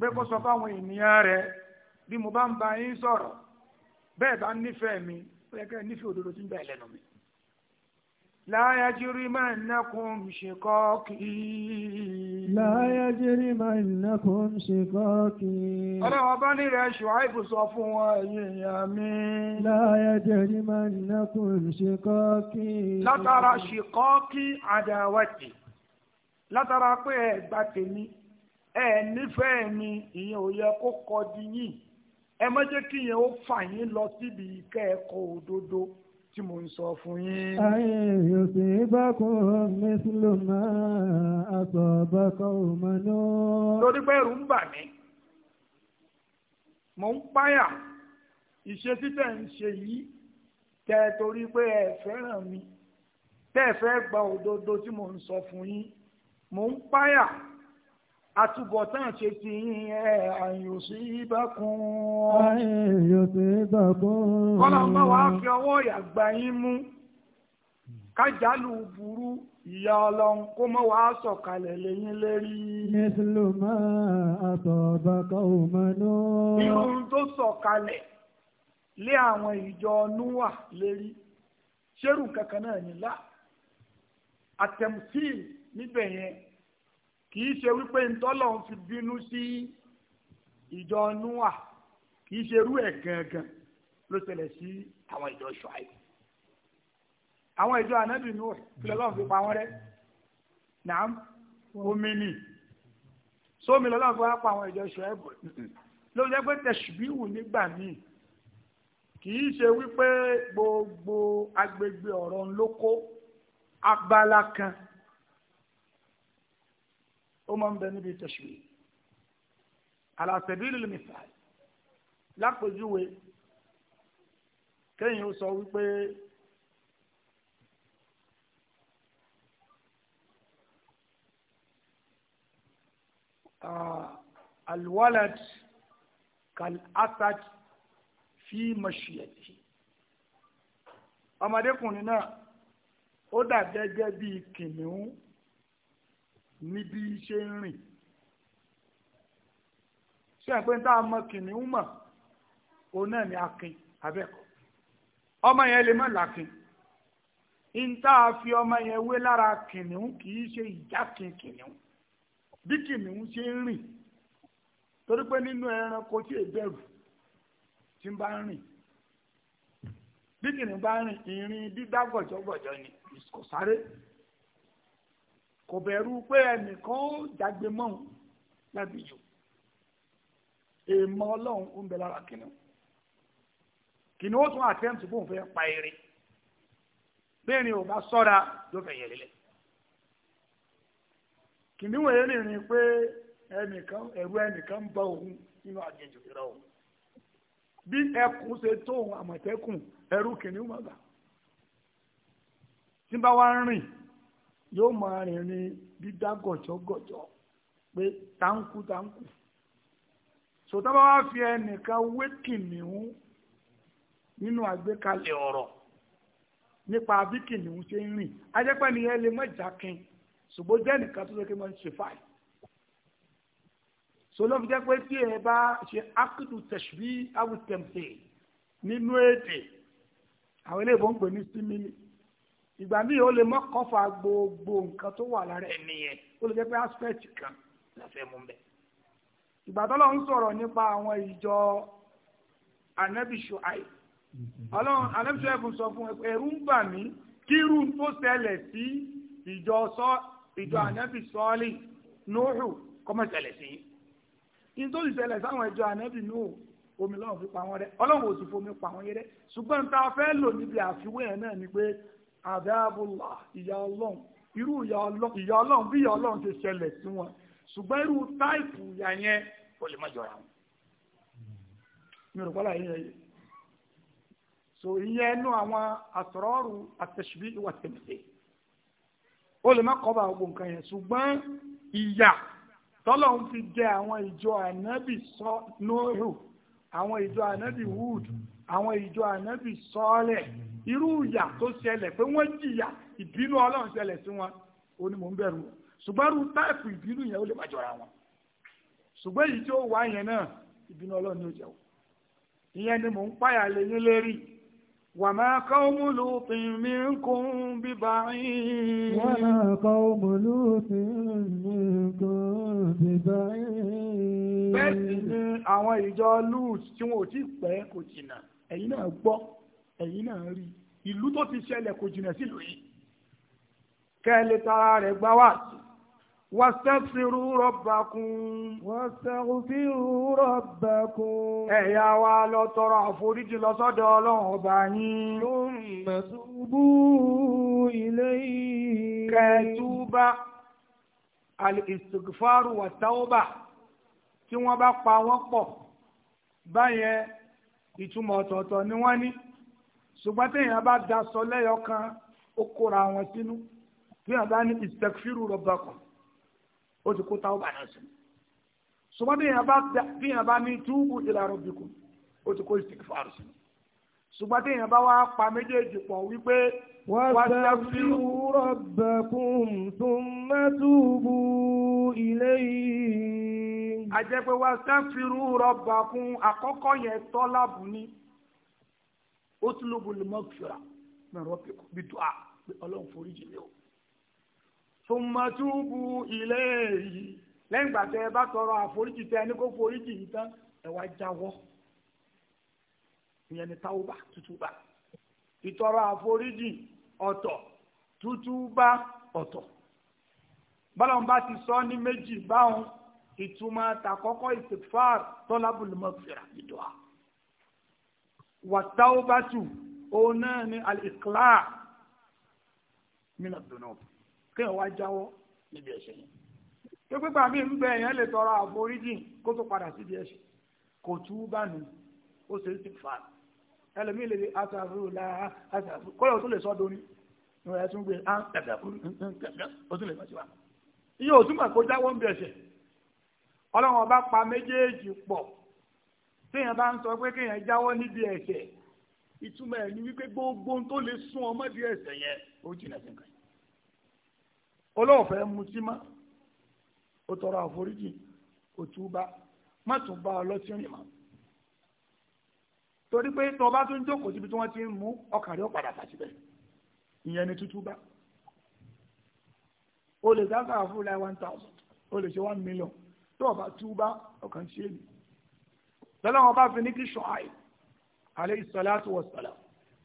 pé kó sọ fáwọn ènìyàn rẹ̀ bí mo bá ń bá yín sọ̀rọ̀ bẹ́ẹ̀ bá nífẹ̀ẹ́ mi ó yẹ kẹ́ nífẹ̀ẹ́ òdodo tí ń bẹ̀ lẹ́nu mi. لا يجرمنكم شقاقي لا يجرمنكم شقاقي ọlọ́ọ̀bá nílẹ̀ ṣùháìbù sọ fún wọn èèyàn mi. لا يجرمنكم شقاقي látara ṣìkọ́ọ̀kì àdáwàtì látara pé ẹ gba tèmi ẹ nífẹ̀ẹ́ mi ìyẹn ò yẹ kó kọ di yín ẹ má jẹ́ kí yẹn ó fà yín lọ síbi ìkẹ́ ẹ̀kọ́ òdodo tí mo ń sọ fún yín. ayé òsì bá kó mẹ́sìlò máa aṣọ bá kọ́ náà. torí pé ẹ̀rù ń bà mí mo ń páyà ìṣe títẹ̀ ń ṣe yìí tẹ́ torí pé ẹ fẹ́ràn mi tẹ́ ẹ fẹ́ gba òdodo tí mo ń sọ fún yín mo ń páyà àtúbọ̀tán ṣe ti yín ẹ àyòsí ìbákun. àyòsí ìbákun. kọ́lá ń bá wa fi ọwọ́ ìyàgbá yín burú ìyá ọlọ́run kó mọ́ wàá sọ̀kalẹ̀ lẹ́yìn lérí. mẹ́sìlò máa àtọ̀ọ̀bà kan ò máa ná. irun tó sọ̀kalẹ̀ lé àwọn ìjọ núwà lérí ṣérù kankan náà nílá àtẹ̀mùsíì níbẹ̀ yẹn kì í ṣe wípé ntọ́lọ̀ ń fi bínú sí ìjọ Núà kì í ṣe irú ẹ̀ gangan ló ṣẹlẹ̀ sí àwọn ìjọ Ṣuaib àwọn ìjọ ànábì Núà kílẹ̀ lọ́n fi pa wọ́n rẹ́ náà omi ni sómi lọ́n fi wá pa àwọn ìjọ Ṣuaib ló jẹ́ pé tẹ̀sùbíwù nígbà míì kì í ṣe wípé gbogbo agbègbè ọ̀rọ̀ ńlọ́kọ́ abala kan ó máa ń bẹ níbi tẹ̀sùwì àlàsẹ̀bílì mìsàlì lápòjúwe kéyìn ó sọ wípé ah, alwalad kalasad fi mashiyati ọmọdékùnrin náà ó dà gẹ́gẹ́ bíi kìnìún ní nri ṣe ń rìn mọ kìnìún mọ òun náà ni akin abẹ́kọ̀ ọmọ yẹn lè mọ̀ làkin níta fi ọmọ yẹn wé lára kìnìún kìí ṣe ìjákin kìnìún bí kìnìún ṣe ń rìn torí pé nínú ẹranko tí èbẹ̀rù ti ń bá ń rìn bí kìnìún bá ń rìn ìrìn dídá gbọ̀jọ́gbọ̀jọ́ kò bẹ̀rù pé ẹnìkan ó jágbe mọ́ òun lábì jù èèmọ̀ ọlọ́run ó ń bẹ lára kìnìún kìnìún ó tún àtẹ́ǹtì bóun fẹ́ pa eré bẹ́ẹ̀ni ò bá sọ́ra ló fẹ́ yẹlẹ́lẹ́ kìnìún èyí rìn pé ẹnìkan ẹ̀rù ẹnìkan ń bá òun nínú àjẹjù ìrọ̀ òun bí ẹkùn ṣe tóun àmọ̀tẹ́kùn ẹ̀rù kìnìún mọ̀ gbà tí bá wá ń rìn yóò máa rìnrìn dídá gọ̀jọ́gọ̀jọ́ pé táǹkù táǹkù sọtọ́ba wá fi ẹnìkan wé kìnìún nínú àgbékalẹ̀ ọ̀rọ̀ nípa bí kìnìún ṣe ń rìn ajẹ́pẹ́ nìyẹn lè mọ̀ jákin ṣùgbọ́n jẹ́ nìkan tó lókè máa ń ṣe fàáyì sọlọ́fi jẹ́ pé tí ẹ bá ṣe akudu tashbih awùtẹ̀m̀tẹ̀ nínú èdè àwọn ilé ìbọn pè ní símílì ìgbà míì ó lè mọ́ kọ́fà gbogbo nǹkan tó wà lára ẹni yẹn ó lè jẹ́ pé aspect kan la fẹ́ mú bẹ́ẹ̀. ìgbà tó lọ́n sọ̀rọ̀ nípa àwọn ìjọ anẹ́bìṣọ àì ọlọ́run anẹ́bìṣọ ẹ̀fọn sọ fún ẹ̀rú ń bà mí kírú tó ṣẹlẹ̀ sí ìjọ sọ ìjọ anẹ́bìṣọ́ọ́lì nóòhù kọ́mọ̀ṣẹlẹ̀ sí nítorí ìṣẹ̀lẹ̀ sáwọn ìjọ anẹ́bì nóòhù omi lọ́run fi pa wọ́n rẹ́ ọlọ́run ò sì fomi pa wọ́n yẹrẹ́ ṣùgbọ́n tá a fẹ́ lò níbi àfiwé yẹn náà ni pé àdáàbòlà ìyá ọlọ́run irú ìyá ọlọ́run bí ìyá ọlọ́run ti ṣẹlẹ̀ sí wọn ṣùgbọ́n irú táìpù ìyá yẹn kò lè má jọra wọn. mi ò gbọ́dọ̀ yín ẹyẹ so ìyẹn nú àwọn àtọ̀rọ̀rù àtẹ̀síbí ìwà tẹ̀lẹ̀ ó lè má kọ́ba gbogbo nǹkan yẹn ṣùgbọ́n ìyà tọ́lọ̀ ń fi jẹ àwọn ìjọ ànábì sọ nóòrò àwọn ìjọ ànábì wúdù àwọn ìjọ ànábì sọ́ọ́lẹ̀ irú ìyà tó ṣẹlẹ̀ pé wọ́n jìyà ìbínú ọlọ́run ṣẹlẹ̀ sí wọn ó ní mò ń bẹ̀rù ṣùgbọ́n irú táìpù ìbínú yẹn ó lè má jọra wọn ṣùgbọ́n èyí tí ó wà yẹn náà ìbínú ọlọ́run yóò jẹ́ o ìyẹn ni mò ń páyà lé yín lérí wa ma qawmu Lutin minkum bi ba'id. wa ma qawmu Lutin minkum bi ba'id. bẹ́ẹ̀ ni àwọn ìjọ lùt tí wọn ò tí pẹ́ kò jìnnà ẹ̀yin náà gbọ́ ẹ̀yin náà rí ìlú tó ti ṣẹlẹ̀ kò jìnnà sílùú yìí kẹ́lẹ́ tara rẹ̀ gbá wá sí wàsẹ́fìrú rọ́bàkún. wàsẹ́fìrú rọ́bàkún. ẹ̀yà wa lọ tọrọ àforíjì lọ ọlọ́run ọba yín. thumma tubu ilayhi. kẹ́tùbá al-istighfaru wa tawba tí wọ́n bá pa wọ́n pọ̀ báyẹn ìtumọ̀ ọ̀tọ̀ọ̀tọ̀ ni wọ́n ní ṣùgbọ́n téèyàn bá daṣọ lẹ́yọ kan ó kóra wọn sínú téèyàn bá ní ìsẹ̀kfírù rọ̀bàkọ̀ ó ti kó táwọn bàdàn sí ṣùgbọ́n téèyàn bá ní túbù ìlànà bìkù ó ti kó ìsẹ̀kfárù sí ṣùgbọ́n téèyàn bá wá pa méjèèjì pọ̀ wípé واستغفروا ربكم ثم توبوا إليه àjẹpẹ́ واستغفروا ربكم àkọ́kọ́ yẹn tọ́lábù ni اطلبوا المغفرة من ربكم بدعاء ọlọ́run foríjì ni o ثم توبوا إليه lẹ́yìn ìgbà tẹ ẹ bá tọrọ àforíjì tẹ ẹ ní kó foríjì yìí tán ẹ wá jáwọ́ ìyẹn ni táwọ́ bá tútù bá ìtọrọ àforíjì ọ̀tọ̀ tútúbá ọ̀tọ̀ bọ́lọ̀n bá ti sọ ní méjì báwọn ìtumọ̀ tàkọ́kọ́ ìsìfàr tọ́lábùlù mọ́fìrà ìdùá wàtáwọ́bátù òun náà ní àlìkílá mìíràn dùnú kéèyàn wá jáwọ́ níbi ẹ̀ṣẹ̀ yẹn tó pípa mi ń bẹ èèyàn lè tọrọ àforíjì kó tó padà síbi ẹ̀ṣẹ̀ kò túbà nù ó ṣe é sì fàá ẹlòmíì lè aṣàfihàn láà aṣàfihàn kọ́lẹ̀ o lè sọ dorin ìwọ̀n ẹ̀sùn gbé án kẹ̀kẹ́ o tún lè mọ̀ sí wa. iye òtún mà kó jáwọ́ ń bẹ̀ ẹ̀ṣẹ̀ ọlọ́run ọba pa méjèèjì pọ̀ téèyàn bá ń sọ pé kéèyàn jáwọ́ níbi ẹ̀ṣẹ̀ ìtumọ̀ ẹ̀ ni wípé gbogbo tó lè sún ọmọ di ẹ̀ṣẹ̀ yẹn ó jìnà sí nǹkan yìí olóòfẹ́ mutí má ó tọrọ àforíjì òtúbá má tún bá ọlọ́tí rìn máa torí pé tó o bá tún jókòó síbi tí wọ́n ti ń mú ọkàn rẹ̀ padà fà síbẹ̀ ìyẹn ni tútú bá o lè dá sáà fún láì one thousand o lè ṣe one million tó o bá tú bá ọkàn ṣe é nì lọ́lọ́ wọn bá fi ní kí ṣọ́ọ̀ì alayhi salatu wassalam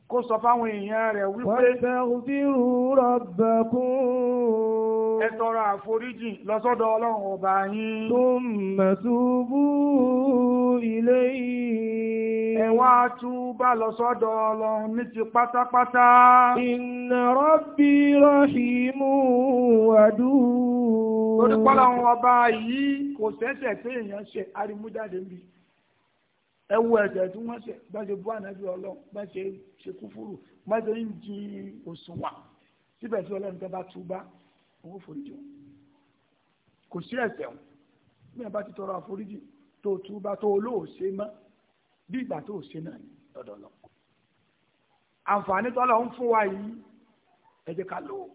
kó sọ fáwọn èèyàn rẹ̀ wípé. wọ́n fẹ́ òfin rú rabbakum ẹ tọrọ àforíjì lọ́sọ́dọ̀ ọlọ́run ọba yín thumma tubu ilayhi ẹ wá túbá lọ́sọ́dọ̀ ọlọ́run ní ti pátápátá inna rabbi rahimu wadud torí pọ́lọ́run ọba tí wọ́n ṣe bá bú ànábì ọlọ́run bá ṣe ṣe kúfúrú ń di òṣùwà síbẹ̀ sí ọlọ́run tó bá túbá òun foríjì wọn kò sí ẹ̀ṣẹ̀ wọn bí wọn bá ti tọrọ àforíjì tó tú bá tó olóòṣe mọ bí ìgbà tó ṣe náà ní lọ́dọ̀ lọ àǹfààní tọ́lọ̀ ń fún wa yìí ẹ jẹ́ ká lò ó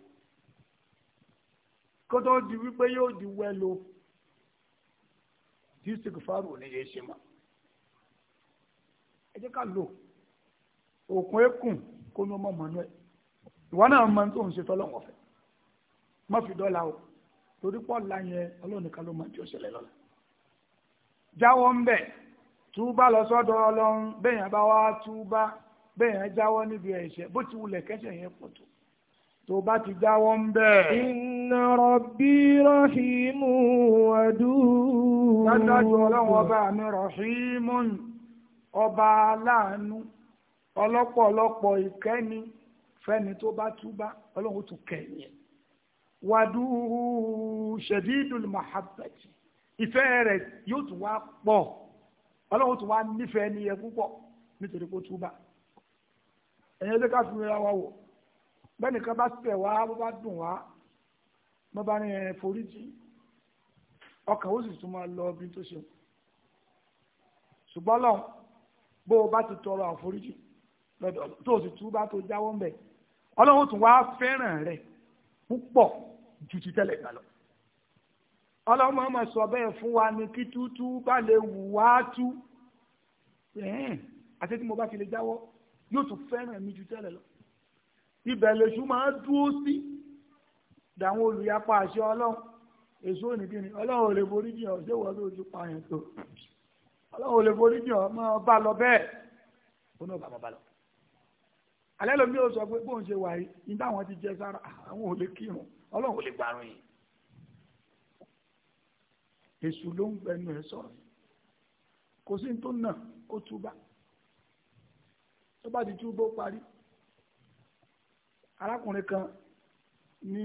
kó tó di wípé yóò di wẹ́lo tí sèkúfàrù ní ṣe mọ́ ẹ ká lò òkun ẹkùn kó ní ọmọ mọ́nú ẹ ìwọ náà mọ tó ń ṣe tọ́lọ̀ wọ̀fẹ́ má fi dọ́là o torí pọ́ la yẹn ọlọ́run nìkan ló máa di òṣèlè lọ́la jáwọ́ ń bẹ̀ túbá lọ sọ́dọ̀ ọlọ́run bẹ́ẹ̀ yẹn bá wá túbá bẹ́ẹ̀ yẹn jáwọ́ níbi ẹ̀ṣẹ̀ bó ti wulẹ̀ kẹ́ṣẹ̀ yẹn pọ̀ tó tó bá ti jáwọ́ ń bẹ̀. inna rabbi rahimu wadud. dájúdájú ọlọ́run ọba mi rahimu ọba aláàánú ọlọ́pọ̀lọpọ̀ ìkẹ́ni fẹ́ni tó bá túbá ọlọ́run tún kẹ́ ẹ̀yẹn wàdúù ṣẹ̀dídùn mahabbati ìfẹ́ rẹ̀ yóò tún wá pọ̀ ọlọ́run tún wá nífẹ̀ẹ́ ní ẹ púpọ̀ nítorí kó túbà ẹ̀yin ẹjẹ́ ká fún ra wa wò bẹ́ẹ̀ni ká bá tẹ̀ wá bó bá dùn wá bó bá ní ẹ̀ foríjì ọkàn ó sì tún máa lọ bí tó ṣe ṣùgbọ́n lọ́hùn bó o bá ti tọrọ àforíjì tó o sì túbà tó jáwọ́ ń bẹ̀ ọlọ́run tún wá fẹ́ràn rẹ̀ púpọ̀ ju ti tẹ́lẹ̀ gbà lọ. ọlọ́mọ ọmọ sọ bẹ́ẹ̀ fún wa ni kí tútú bá lè wù wá tú àti tí mo bá fi lè jáwọ́ yóò tún fẹ́ràn mi ju tẹ́lẹ̀ lọ. ibẹ̀ lèṣu máa dúró sí dàwọn olùyapa àṣẹ ọlọ́run èso nìkíni ọlọ́run ò lè borí jìn ọ́ ṣé wọ́n ló ti pààyàn tó ọlọ́run ò lè borí jìn ọ́ máa bá lọ bẹ́ẹ̀ ó náà bàbá bá lọ alẹ́ lomi yóò sọ pé bóun ṣe wà yìí ní táwọn ti jẹ sára àwọn ò lè kírun ọlọ́run ò lè gbàrún yìí èṣù ló ń gbẹnu ẹ sọ̀rọ̀ kò sí tó nà kó túbà tó bá ti túbọ̀ parí arákùnrin kan ní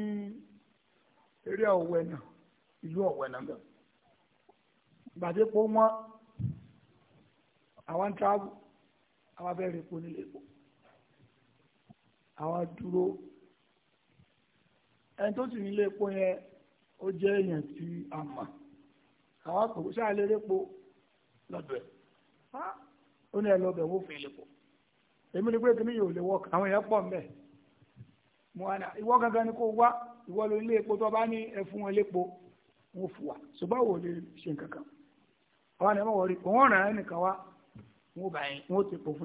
eré ọ̀wẹ́ náà ìlú ọ̀wẹ́ náà gan gbàdépo wọn àwọn ń travel àwọn abẹ́rẹ́ epo nílé epo. àwọn dúró ẹni tó sì ní ilé epo yẹn ó jẹ́ èèyàn tí a mọ̀ àwọn kò sáà lè répo lọ́dọ̀ ẹ̀ ó ní ẹ lọ́bẹ̀ wó èmi ni pé yóò lè àwọn èèyàn pọ̀ mbẹ́ mo wà ní ìwọ gangan ni kò wá ìwọ ilé epo tó bá ní fún ilépo wọn fún wa ṣùgbọ́n lè ṣe nǹkan kan àwọn àni mọ̀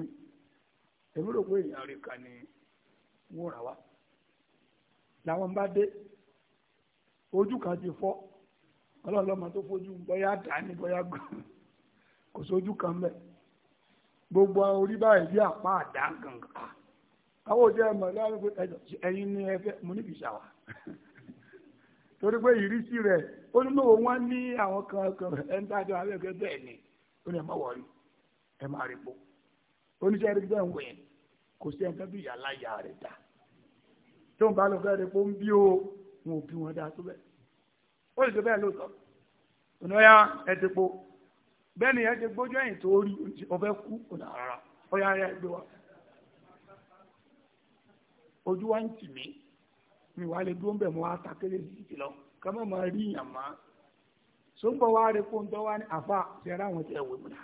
wọ́n rà wá làwọn bá dé ojú kan ti fọ́ ọlọ́ọ̀lọ́mọ tó fojú bóyá dání bóyá kò sójú kan mẹ́ gbogbo orí báyìí bí àpá àdá gangan àwọn òjò ẹ̀mọ́ lọ́wọ́ ẹ̀yin ni ẹ fẹ́ mo níbi ìṣàwà torí pé ìrísí rẹ̀ ó ní lóò wọ́n ní àwọn kan kan ẹni tá a jọ bẹ́ẹ̀ ni ó ní ẹ̀ ẹ̀ rí oníṣẹ́ rí bẹ́ẹ̀ kò sí ẹ̀ńtọ́ bí ìyàlá ìyá rẹ̀ dá tó ń bá lọ fẹ́ rẹ̀ kó ń bí o wọn ò bí wọn dá tó bẹ́ẹ̀ ó lè tó bẹ́ẹ̀ lóòótọ́ ọ̀nà ọ̀yà ẹ̀ ti bẹ́ẹ̀ ni ẹ̀ ti ẹ̀yìn tó rí ọ̀fẹ́ kú ọ̀nà rárá ọ̀yà ẹ̀ gbé wa ojú wa ń tì mí mi wàá lè dúró ń bẹ̀ mọ́ àtàkéré sí ti lọ ká má máa rí ìyàn máa sọ́gbọ́ wa rí kó ń tọ́ wá ní àfa ṣe ara wọn ti ẹ̀wẹ̀ múra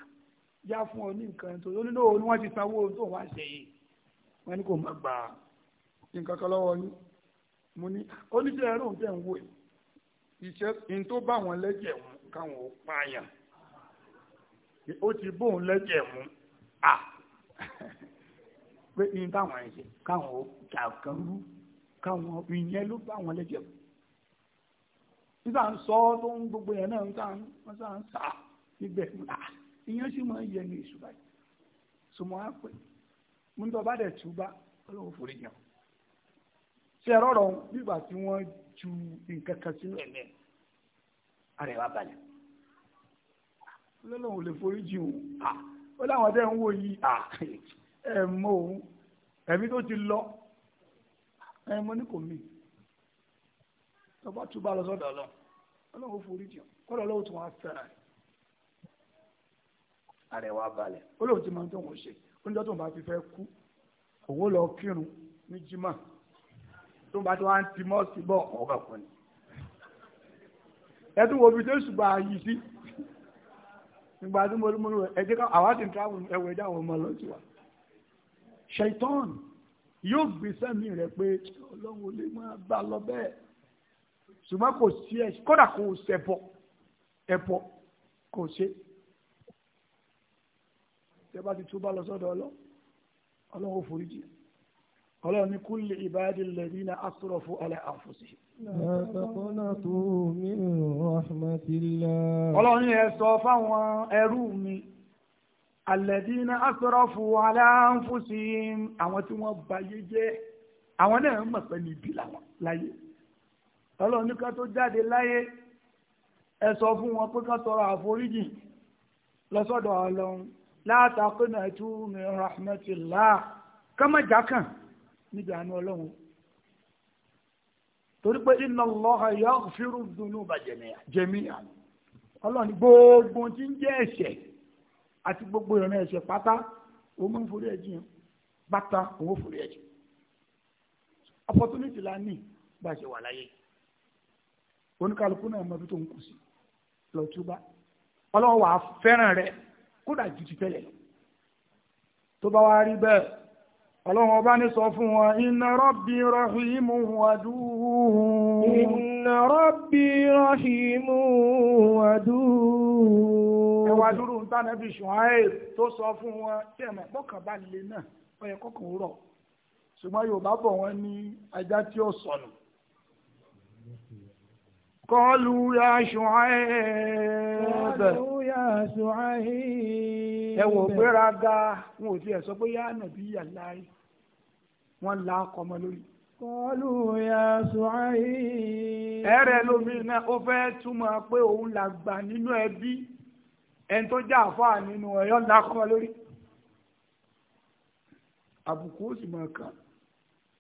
yá fún ọ ní nǹkan tó lónìí lóòrùn wọn ti sanwó tó wá ṣe yìí wọ́n ní kò má gbà á nǹkan kan lọ́wọ́ yín mo ní oníṣẹ́ ẹ̀rọ ń tẹ̀ ń wò ẹ̀ iṣẹ́ ní tó bá wọn lẹ́jẹ̀ mú káwọn ò pààyàn ó ti bóun lẹ́jẹ̀ mú à pé ní táwọn ẹ̀ ṣe káwọn ò jà kan rú káwọn ìyẹn ló bá wọn lẹ́jẹ̀ mú nígbà ń sọ ọ́ tó ń gbogbo yẹn náà ń sá sá ń sá níbẹ̀ ìyẹn sì máa ń yẹ ní ìṣúra yìí sọmọ á pè é mú tó bá dẹ̀ túbá ọlọ́run forí jẹun ṣe ẹ̀rọ rọ̀ nígbà tí wọ́n ju nǹkan kan sínú ẹ̀mí ara ẹ̀ wá balẹ̀ ọlọ́run ò lè forí jì òun à ó láwọn tẹ́ ń wò yìí à ẹ̀ mọ òun ẹ̀mí tó ti lọ ẹ̀ mọ ní kò mí tọ́ba túbá lọ sọ́dọ̀ ọlọ́run ọlọ́run ò forí jì òun kọ́ lọ́wọ́ tó wọn fẹ́ràn ara ẹ̀ balẹ̀ ó lóun ti ń tó wọn ṣe oúnjẹ tó ń bá ti fẹ́ kú òwò lọ kírun ní jimá tó ń bá ti wá ń ti mọ́ọ̀sì bọ̀ ọ̀gá kan ni ẹtù wo bí tó ṣùgbọ́n ààyè sí nígbà tí mo rí mo rí ẹjẹ́ ká àwa ti ń travel ẹwọ ẹjẹ́ àwọn ọmọ lọ́sí wa ṣaitan yóò gbé sẹ́mi rẹ̀ pé ọlọ́run ò lè máa bá lọ bẹ́ẹ̀ ṣùgbọ́n kò sí ẹ̀ kódà kò ṣẹ̀bọ̀ ẹ̀bọ̀ kò ṣe tẹ́ bá ti túbá lọ sọ́dọ̀ ọlọ́ ọlọ́run ó foríjì ọlọ́run ní kúlẹ̀ ìbáyàdì lẹ́bí na asọ́rọ̀fù alẹ́ àfọ́sí. ọlọ́run ní ẹ sọ fáwọn ẹrú mi alẹ́bí na asọ́rọ̀fù alẹ́ àfọ́sí àwọn tí wọ́n bayé jẹ́ àwọn náà mọ̀ pẹ̀lú ibi làwọn láyé ọlọ́run ní ká tó jáde láyé ẹ fún wọn pé ká tọrọ àforíjì lọ́sọ̀dọ̀ ọlọ́run la taqnatu min rahmatillah kámájà kan níbi àánú ọlọ́run torí pé inna Allaha yaghfiru dhunuba jami'a ọlọ́run gbogbo tí ń jẹ́ ẹ̀ṣẹ̀ àti gbogbo ìrìn ẹ̀ṣẹ̀ pátá òun máa ń forí ẹ̀jì yẹn bàtà òun ò forí ẹ̀jì opportunity la ní bá a ṣe wà láyé oníkàlùkù náà mọ ibi tó ń kù sí lọ́túbá ọlọ́run wà á fẹ́ràn rẹ̀ kódà ju ti tẹ́lẹ̀ lọ tó bá wá rí bẹ́ẹ̀ ọlọ́run ọba ní sọ fún wọn inna rabbi rahimu waduhu inna rabbi rahimu waduhu ẹwà dúró ṣùgbọ́n tó bá bọ̀ wọ́n ní ajá tí ó sọnù قالوا يا شعيب قالوا يا شعيب ẹ wò gbéraga wọn ò tiẹ̀ sọ pé yá nàbí yàláì wọn là ọkọ ọmọ lórí. قالوا يا شعيب. ẹ̀rẹ̀ lómi náà ó fẹ́ túmọ̀ pé òun là gbà nínú ẹbí ẹni tó já àfáà nínú ẹ̀yọ́ là ọkọ lórí. àbùkù ó sì mọ̀ kan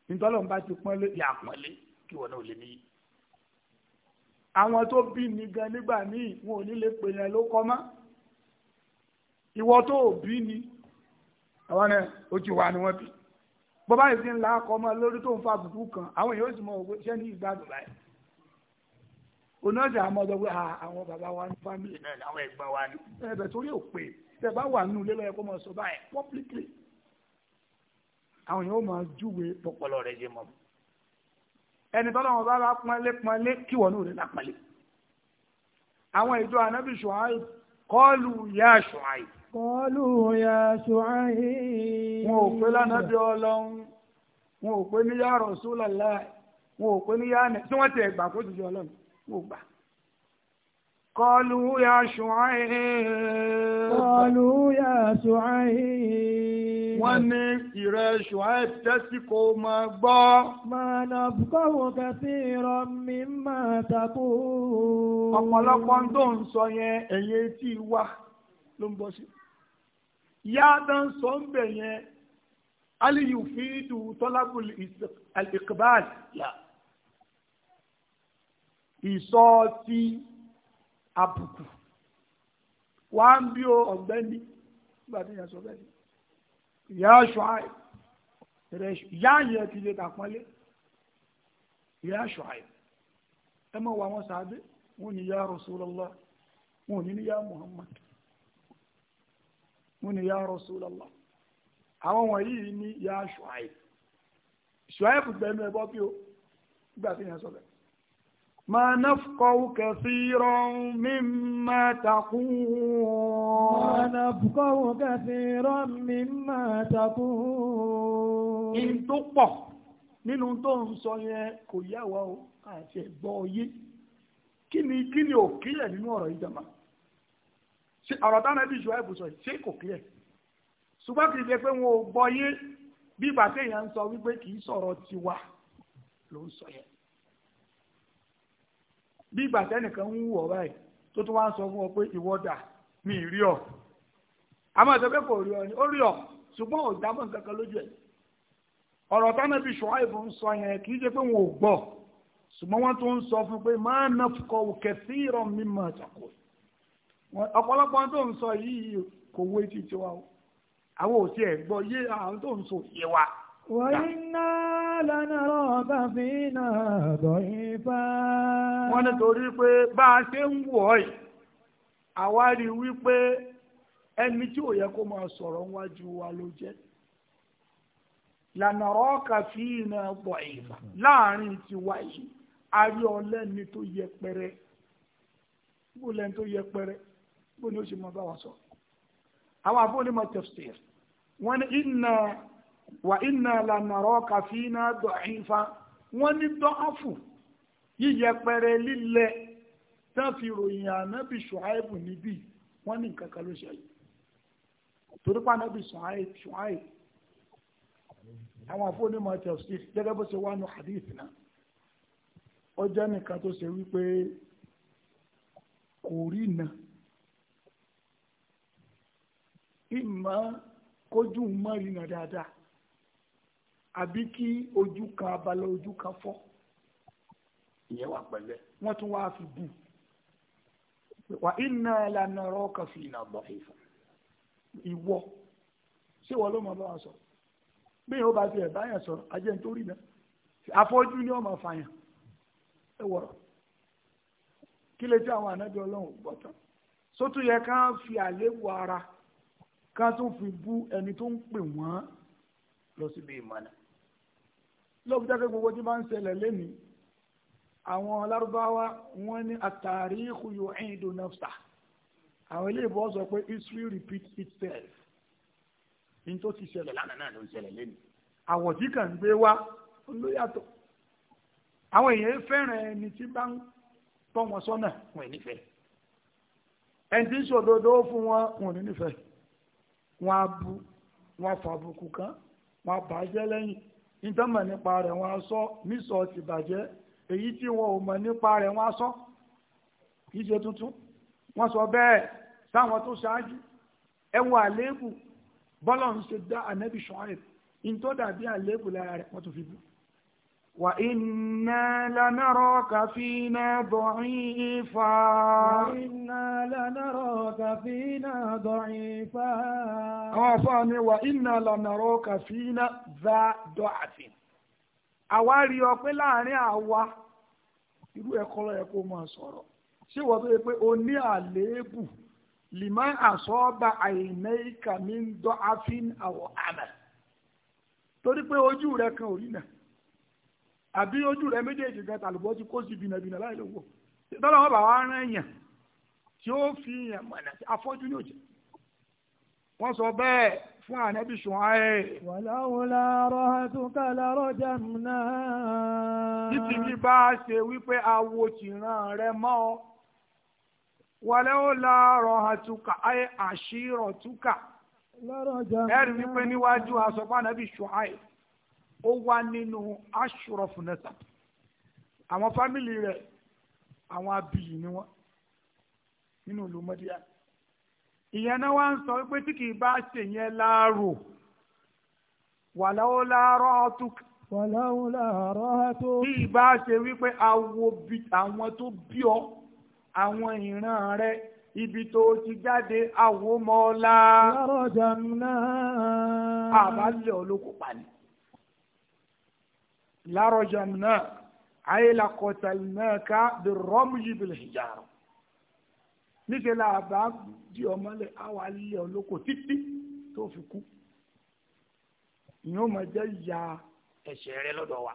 nítorí wọn bá ti pọ́nlé yà pọ́nlé kí wọn náà lè níyì àwọn tó bí ni gan nígbà míì wọn ò ní lè pè yẹn ló kọ́ mọ́ ìwọ tó bí ni àwọn náà ojú wa ni wọ́n bí bọ́bá yìí ti ń la akọ ọmọ lórí tó ń fa àbùkù kan àwọn èèyàn ó sì mọ òwe iṣẹ́ ní ìgbàdùn báyìí onájà àmọ́ ọ̀dọ́ pé àwọn bàbá wa ní fámìlì náà làwọn ẹ̀gbọ́n wa ní ẹ̀bẹ̀ torí ò pé tẹ̀ bá wà nínú ilé lọ́yẹ̀ kó mọ̀ sọ báyìí publicly àwọn èèyàn ó máa júwe pọpọlọ rẹ̀ yé mọ́ mi ẹni tọ́lọ́ wọn bá bá pọ́nlé pọ́nlé kí wọ́n lóore la pọ́nlé. àwọn ìjọ anábì ṣùháì kọ́ọ̀lù yá ṣùháì. kọ́ọ̀lù yá ṣùháì. wọn ò pé lánàbí ọlọ́run wọn ò pé ní yá Rasulullah wọn ò pé ní yá nẹ tí wọ́n ti ẹ̀ gbà kó ti di ọlọ́run wọn ò gbà. قالوا يا شعيب قالوا يا شعيب wọ́n ní ìrẹ́ ṣùháìb tẹ́sí kò máa gbọ́. máa nà fúkọ̀wò kẹsí ìrọ̀ mi máa takú. ọ̀pọ̀lọpọ̀ tó ń sọ yẹn ẹ̀yẹ tí wá ló ń bọ́ sí. ìyá tó ń sọ ń bẹ̀ yẹn aliyu fi dù tọ́lábù al-iqbal là. ìsọ ti. abuku wa ń bí o ọ̀gbẹ́ni nígbà yẹn sọ bẹ́ẹ̀ ni ìyá aṣọ rẹ ìyá yẹn ti lè ìyá aṣọ ẹ wà wọn ya Rasulullah wọn ni ya Muhammad wọn ni ya Rasulullah àwọn wọ̀nyí ni ya aṣọ àyè ṣùgbọ́n ẹ̀fù gbẹ̀mí bí o ما نفقه كثيرا مما تقول ما نفقه كثيرا مما تقول إن تقبح nínú tó ń sọ yẹn kò yá wa o àti ẹ̀gbọ́ yé kí ni kí ni ò kílẹ̀ nínú ọ̀rọ̀ yìí ṣe ọ̀rọ̀ táwọn ẹbí ìṣòwò ẹ̀bùsọ̀ ṣé kò kílẹ̀ ṣùgbọ́n kì í ṣe pé wọn ò gbọ́ yé bí bàtẹ́yìn à ń sọ wípé kì í sọ̀rọ̀ tiwa ló ń sọ yẹn bí ìgbà tẹ́nìkan ń wọ̀ báyìí tó tún wá ń sọ fún ọ pé ìwọ dà mí rí ọ àmọ́ ìsọ pé kò rí ọ ni ó rí ọ ṣùgbọ́n ò dámọ̀ kankan kan lójú ọ̀rọ̀ táwọn ibi ṣọ́ ìbò ń sọ yẹn kì í ṣe pé wọn ò ṣùgbọ́n wọ́n tún sọ fún pé máa nà òkè sí وَإِنَّا لَنَرَاكَ فِينَا ضَعِيفًا wọ́n ní torí pé bá a ṣe ń wọ̀ ọ́ yìí àwa rí i wípé ẹni tí ò yẹ kó máa sọ̀rọ̀ níwájú wa ló jẹ́ lànàrọ́ọ̀kà fíìnà bọ̀ìfà láàrin tiwa yìí a rí ọ lẹ́ni tó yẹpẹrẹ bó lẹ́ni tó yẹpẹrẹ bó ni ó ṣe máa bá wa sọ àwọn àbúrò ní ma tafsir wọ́n ní ìnà wà iná lànàrọ kàfínà dọ̀hínfà wọ́n ní dọ́hàfù yíyẹpẹrẹ lílẹ̀ tán fi ròyìn ànábì ṣùháìbù níbí wọ́n ní nǹkan kan ló ṣe yìí torí pa ànábì ṣùháìbù àwọn afọ́nímọ̀ tẹ̀sí gẹ́gẹ́ bó ṣe wà nù hadith náà ó jẹ́ nìkan tó ṣe wípé kò rí na ìmọ̀ kójú mọ́rin náà dáadáa àbí kí ojú kan abala ojú kan fọ́ ìyẹn wà pẹ̀lẹ́ wọ́n tún wá fi bù wà iná ìlànà ọ̀rọ̀ kan fi ìlànà bọ̀ ìfà ìwọ ṣé wọ́n ló máa bá wọn sọ bí yóò bá ti ẹ̀ báyà sọ̀rọ̀ ajẹ́ nítorí náà àfọ́jú ni wọ́n fàyàn ẹ wọ̀rọ̀ kí lè tí àwọn ànájọ ọlọ́run gbọ́ tán sótú yẹ ká fi àléwọ ara ká tún fi bú ẹni tó ń pè wọ́n lọ síbi ìmọ̀nà lóòótọ́ jẹ́ pé gbogbo tí máa ń ṣẹlẹ̀ lẹ́nu àwọn lárúbáwá wọ́n ní àtàríkù yu'idu nafsa àwọn ilé ìbọn sọ pé history repeats itself ní tó ti ṣẹlẹ̀ lánàá náà ló ń ṣẹlẹ̀ lẹ́nu àwọ̀ tí kàn ń gbé wá ló yàtọ̀ àwọn èèyàn fẹ́ràn ẹni tí bá ń tọ́ wọn sọ́nà wọn ò nífẹ̀ẹ́ ẹni tí ń ṣòdodo fún wọn wọn ò ní nífẹ̀ẹ́ wọn á bu wọn á fa kan wọn á bàá lẹ́yìn ìtọ́mọ̀ nípa rẹ̀ wọ́n sọ mísọ̀ ti bàjẹ́ èyí tí wọn ò mọ̀ nípa rẹ̀ wọ́n sọ kì í ṣe tuntun wọ́n sọ bẹ́ẹ̀ sáwọn tó ṣáájú ẹwọ àléébù bọ́lọ̀ ń ṣe dá ànẹ́bí ṣọ́ọ̀rẹ́ ìtọ́ dàbí àléébù lára rẹ̀ wọ́n tún fi bú. وإنا لنراك فينا ضعيفا وإنا لنراك فينا ضعيفا أعفاني وإنا لنراك فينا ذا ضعف àwárí ọpẹ́ láàrin àwa irú ẹ̀kọ́ ló yẹ kó máa sọ̀rọ̀ ṣé wọ́n tó yẹ pé o ní àléébù lìmọ àsọọba àìmẹ ìkàmí ń dọ àfin àwọ àmà torí pé ojú rẹ kan ò rí náà àbí ojú rẹ méjèèjì gan tàlùbọ́ ti kó sí bìnàbìnà láì lówó tọ́lá wọn bá wá rán èèyàn tí ó fi yàn mọ́nà afọ́jú ní òjò wọ́n sọ bẹ́ẹ̀ fún ànábì sùn ayé. wàláwùlá rọ́hàtúkà lárọ́ jàmùnà. títí mi bá a ṣe wípé awo tìran rẹ mọ́ ọ wàláwùlá rọ́hàtúkà ayé àṣírọ̀túkà ẹ̀rí wípé níwájú aṣọ fún ànábì sùn ayé. ó wá nínú ashraf nasab àwọn fámìlì rẹ̀ àwọn abiyì ni wọ́n nínú ìlú mọ́díà ìyẹn náà wá ń sọ pé tí kì í bá ṣe yẹn láàrò wàláwó láàárọ̀ ọtún. wàláwó láàárọ̀ ọtún. tí ìbá ṣe wípé àwọn tó bí ọ àwọn ìran rẹ ibi tó ti jáde àwòmọ́ọ́lá. lọ́rọ̀ jàm náà. àbálẹ̀ olókùn pàdé. لرجمناك أي لقتلناك بالرمي بالحجارة níṣẹ́ la bá di ọmọ lẹ àwọn alẹ́ olóko títí tó fi kú ìyẹn ó máa jẹ́ ìyà ẹ̀ṣẹ̀ rẹ lọ́dọ̀ wa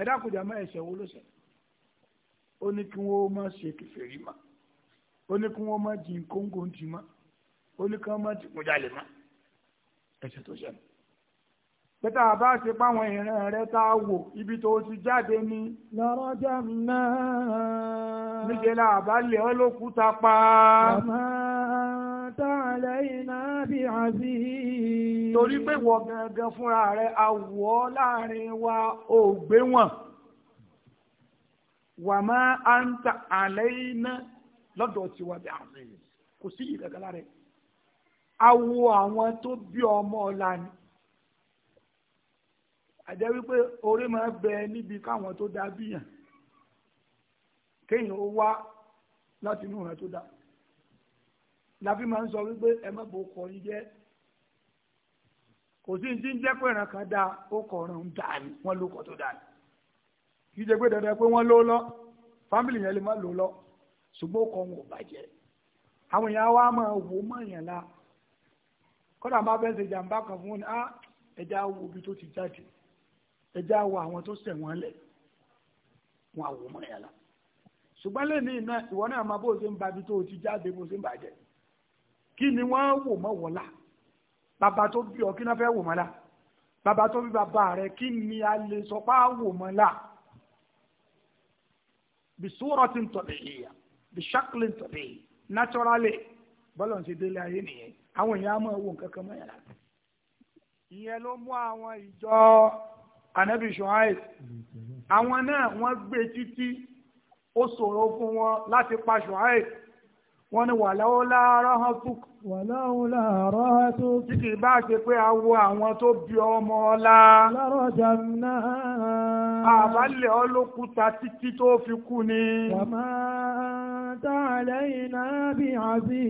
ẹ dákúndé àmọ́ ẹ̀ṣẹ̀ wo ló ṣẹ̀ ó ní kí wọ́n má ṣe kẹfẹ́rí ma ó ní kí wọ́n má di kóńgó ń ma ó ní kí wọ́n má di kójálè ma ẹ̀ṣẹ̀ tó ṣẹ̀ mọ́. Tẹ́tà bá ṣe páwọn ìran rẹ̀ tá a wò ibi tó ti jáde ní. Lọ́rọ́ jẹ́ náà. Níṣẹ́ la àbálẹ̀ ọlọ́kúta pa. Màmá tààlẹ́ iná bí àbí. Torí pé wọ gangan fúnra rẹ̀ àwọ̀ láàrin wa ò gbé wọn. Wàmá à ń ta àlẹ́ iná lọ́dọ̀ tiwa bí àbí. Kò sí ìdàgbàlá rẹ̀. Awo àwọn tó bí ọmọ ọ̀la ni. àjẹ́ wípé orí máa bẹ níbi káwọn tó dá bíyàn kéèyàn ó wá láti inú tó dá láfi máa ń sọ wípé ẹ má bò kọ yín jẹ́ kò sí ti ń pé ìran kan dáa ó ń dà ní ló tó dà ní kì í ṣe pé dandan pé ló lọ fámìlì yẹn lè má lò lọ ó wọn ò àwọn èèyàn wa máa wò la fẹ́ ṣe jàǹbá kan fún ah, ẹja wo tó ti ẹjẹ́ àwọ̀ àwọn tó sẹ̀ wọ́n lẹ̀ wọn àwọ̀ mọ́ ẹ̀yà la ṣùgbọ́n iná ìwọ náà máa bó ṣe ń babi tó ti jáde bó ṣe ń bàjẹ́ kí ni wọ́n wò mọ́ wọ́lá bàbá tó bí ọ kí náà fẹ́ wò mọ́ la bàbá tó bí bàbá rẹ kí ni a lè sọ pé a wò mọ́ la bisuratin tabi'iyya bishaklin tabi'i naturally bọ́lọ̀ ń ṣe délé ayé nìyẹn àwọn èèyàn á máa wò nǹkan kan mọ́ ẹ̀yà la ìyẹn ló mú àwọn ìjọ anabi shuaib àwọn náà wọ́n gbé títí ó ṣòro fún wọn láti pa shuaib wọ́n ní wàláwó láàárọ̀ hàn fúk. wàláwó láàárọ̀ hàn tó. títí bá a ṣe pé a wo àwọn tó bí ọmọ ọlá. lọ́rọ̀ jàmínà. àbálẹ̀ ọlọ́kúta títí tó fi kú ni. wàmà tá a lẹ́yìn náà bí àbí.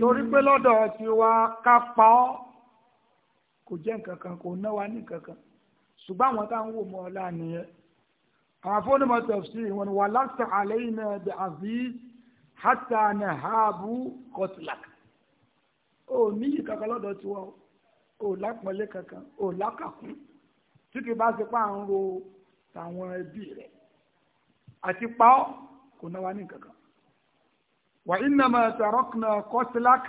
torí pé lọ́dọ̀ tiwa ká pa ọ́ kò jẹ́ nǹkan kan kò ná wa ní nǹkan kan ṣùgbọ́n àwọn táwọn wò mọ́ ọlá nìyẹn àwọn afọ́nàmọ́ tafsir wọn ni wà lásìkò àlẹ́yìnà the aziz hatta nahabu kotlak ò níyì kankan lọ́dọ̀ tiwọn ò lápọ̀lé kankan ò lákàkún tí kì bá ṣe pa àwọn ro tàwọn ẹbí rẹ̀ àti pa ọ́ kò náà wá ní kankan wà innama tarakna kotlak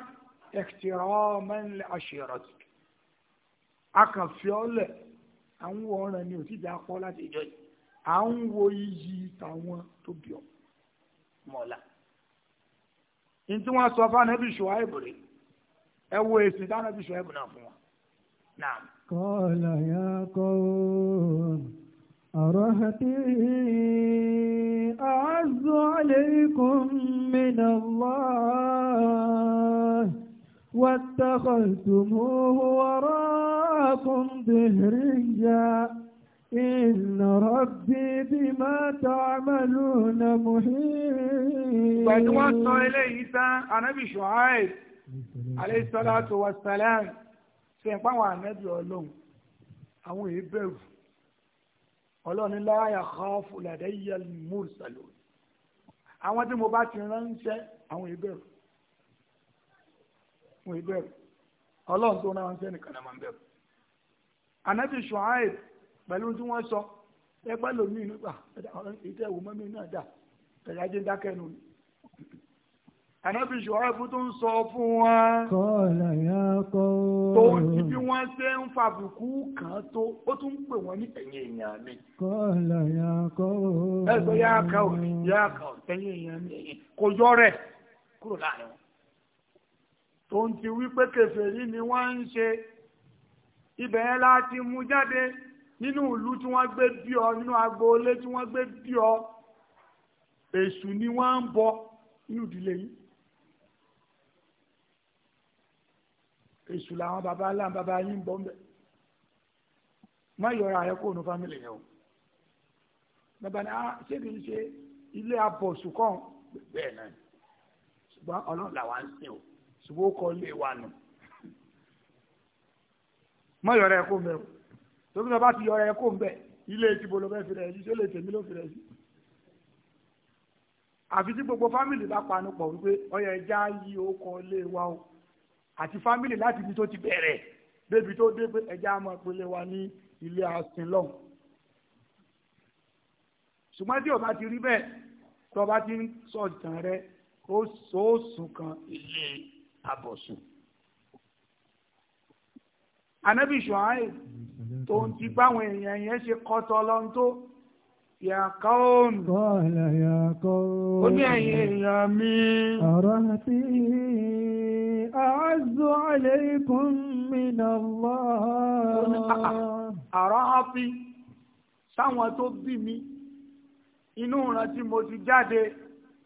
ihtiraman li ashiratik a kàn fi ọ́ lẹ̀ à ń wo ọ̀ràn ni ò sì láti ìjọ yìí à ń wo iyì tàwọn tó bí ọ mọ̀ọ́lá ní sọ fún anábì ṣùgbọ́n àìbòrè ẹ wo èsì tí anábì ṣùgbọ́n àìbòrè náà fún wọn. قال يا قوم أرهتي أعز عليكم من الله واتخذتموه وراءكم ظهريا إن ربي بما تعملون محيط pẹ̀lú wọ́n sọ eléyìí tán anábì ṣùháì aléṣọ́látò wasalam ṣe ń pàwọn ànábì ọlọ́run àwọn èébẹ̀rù ọlọ́run láyà kọ́ọ̀fù làdẹ́yẹ mùsàlùmí àwọn tí mo bá ti ránṣẹ́ àwọn èébẹ̀rù fún ìbẹ̀rù ọlọ́run tó náà ń sẹ́ni kan máa ń bẹ̀rù. ànábì ṣùháìb pẹ̀lú tí wọ́n sọ ẹgbẹ́ lòmíì nígbà ìtẹ́ ìwò mọ́mí náà dà tẹ̀lé ajé dákẹ́nu ni. ànábì ṣùháìb tó ń sọ fún wọn. kọ́ọ̀lá yà kọ́. tó ti bí ṣe ń fàbùkù kan tó ó tún pè wọ́n ní ẹ̀yìn èèyàn mi. kọ́ọ̀lá yà kọ́. ẹgbẹ́ yà kà ò ní yà kà èèyàn mi kò yọ rẹ̀ kúrò láàrin wọn tó ń ti wípé kèfèrí ni wọ́n ń ṣe ibẹ̀ yẹn láti mú jáde nínú ìlú tí wọ́n gbé bí ọ nínú agboolé tí wọ́n gbé bí ọ èṣù ni wọ́n ń bọ nínú ìdílé yìí èṣù làwọn baba ńlá baba yín ń bọ ń bẹ má yọra rẹ kó nu fámìlì yẹn o bàbá ni ah ṣé kìí ṣe ilé abọ̀sùn kan bẹ́ẹ̀ náà ṣùgbọ́n ọlọ́run làwọn ń sìn o ṣùgbọ́n ó kọ́ lè wà nù mọ́ yọ̀rọ̀ ẹ̀kọ́ ń bẹ̀ o tóbi náà bá ti yọ̀rọ̀ ẹ̀kọ́ ń bẹ̀ ilé ìtìbò ló fẹ́ fi rẹ̀ sí ṣé lè tèmi ló fi rẹ̀ sí. àfi tí gbogbo fámìlì bá panu pọ̀ wípé ọyọ ẹja yí ó kọ́ lè wà o àti fámìlì láti ibi tó ti bẹ̀rẹ̀ débi tó dé pé ẹja máa pele wa ní ilé asin lọ́hùn. ṣùgbọ́n tí o bá ti rí bẹ́ẹ̀ tó o bá ti ń sọ ìtàn rẹ ó sùn kan ilé abọ̀sùn. Ànábì Ṣuaib tó ń ti báwọn èèyàn yẹn ṣe kọ́tọ́ ọlọ́run tó yàkọ́ òun. Bọ́ọ̀lá yàkọ́ òun. Ó ní ẹ̀yìn èèyàn mi. Ọ̀rọ̀ àti àázù alaykum min Allah. Ah, Àrọ́ àfi sáwọn tó bí mi inú ìrántí mo ti jáde.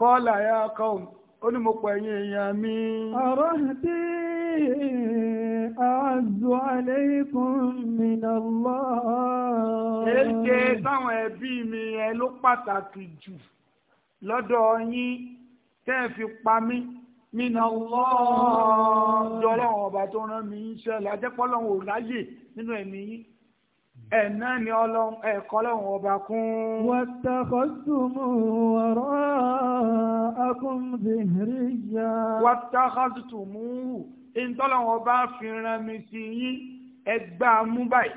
kọ́ọ̀là ya kọ́ọ̀m ó ní mo pẹ̀ yín èèyàn mi. ọ̀rọ̀ tí àzọ alaykum min Allah. èké táwọn ẹbí mi ẹ ló pàtàkì jù lọ́dọ̀ yín tẹ́ ẹ fi pa mí min Allah. jọlọ́wọ́n ọba tó rán mi ń ṣẹlẹ̀ ajẹ́pọ́lọ́wọ́n ò láyè nínú ẹ̀mí yín ẹ̀nà ni ẹ̀kọ́ ọlọ́run ọba kún. wàtàkọ́sùmù ọ̀rọ̀ akúndìríyà. wàtàkọ́sùmù ìtọ́lọ́run ọba fi ran mi sí yín ẹgbà mú báyìí.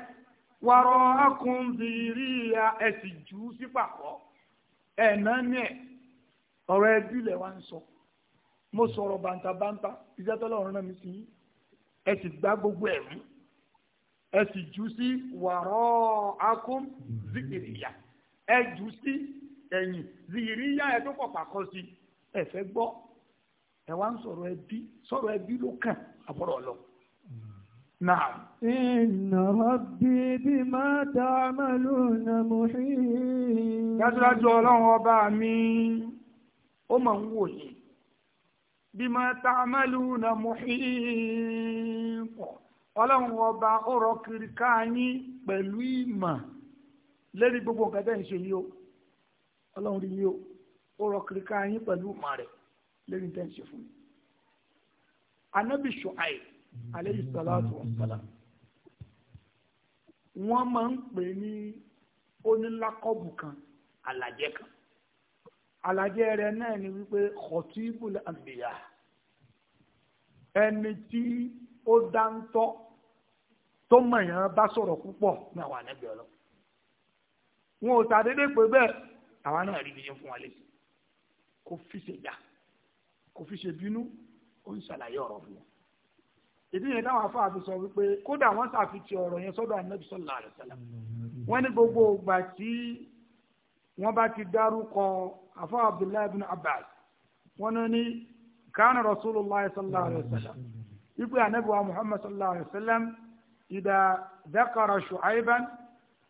wàrọ̀ akúndìríyà ẹ̀sì jù ú sí pàkọ́. ẹ̀nà ni ẹ̀ ọ̀rọ̀ ẹbí lẹ̀ wá ń sọ. mo sọ̀rọ̀ bàǹtàbàǹtà ìṣẹ́ rán mi sí yín ẹ̀sì gbá gbogbo ẹ̀rú ẹ sì jù sí wàrọ́ akún zikiriya ẹ jù sí ẹ̀yìn zikiriya ẹ tó pọ̀ pàkọ́ sí ẹ fẹ́ gbọ́ ẹ wá ń sọ̀rọ̀ ẹbí sọ̀rọ̀ ẹbí ló kàn àbọ̀rọ̀ lọ. Naam. Inna rabbi bima ta'maluna muhit. Dájúdájú ọlọ́run ọba mi, ó máa ń ọlọ́run ọba ó rọ kiri ká yín pẹ̀lú ìmọ̀ lérí gbogbo nǹkan tẹ́ ń ṣe yìí o ọlọ́run rí yìí o ó rọ kiri ká yín pẹ̀lú ìmọ̀ rẹ̀ lérí tẹ́ ṣe fún mi. anabi shuaib aleyhi salatu wa salam wọ́n máa ń pè ní onílákọ́bù kan alàjẹ́ kan alàjẹ́ rẹ̀ náà ni wípé khotibul anbiya ẹni tí ó dáńtọ́ tó mọ̀yàn bá sọ̀rọ̀ púpọ̀ ní àwọn ànábì ọlọ́ wọn ò sàdédé pé bẹ́ẹ̀ àwa náà rí ibi fún wa lé kò fi ṣe dá kò fi ṣe bínú ó ń ṣàlàyé ọ̀rọ̀ fún wọn ìdí yẹn táwọn afáà fi sọ wípé kódà wọn ṣàfihàn ọ̀rọ̀ yẹn sọ́dọ̀ ànábì sallallahu alaihi wasallam wọn ní gbogbo ìgbà tí wọn bá ti dárúkọ afọ abbas wọn ní kánà rasulullah sallallahu wípé anabiwa muhammad sallallahu alayhi wa sallam ìdá dakara ṣùáìbán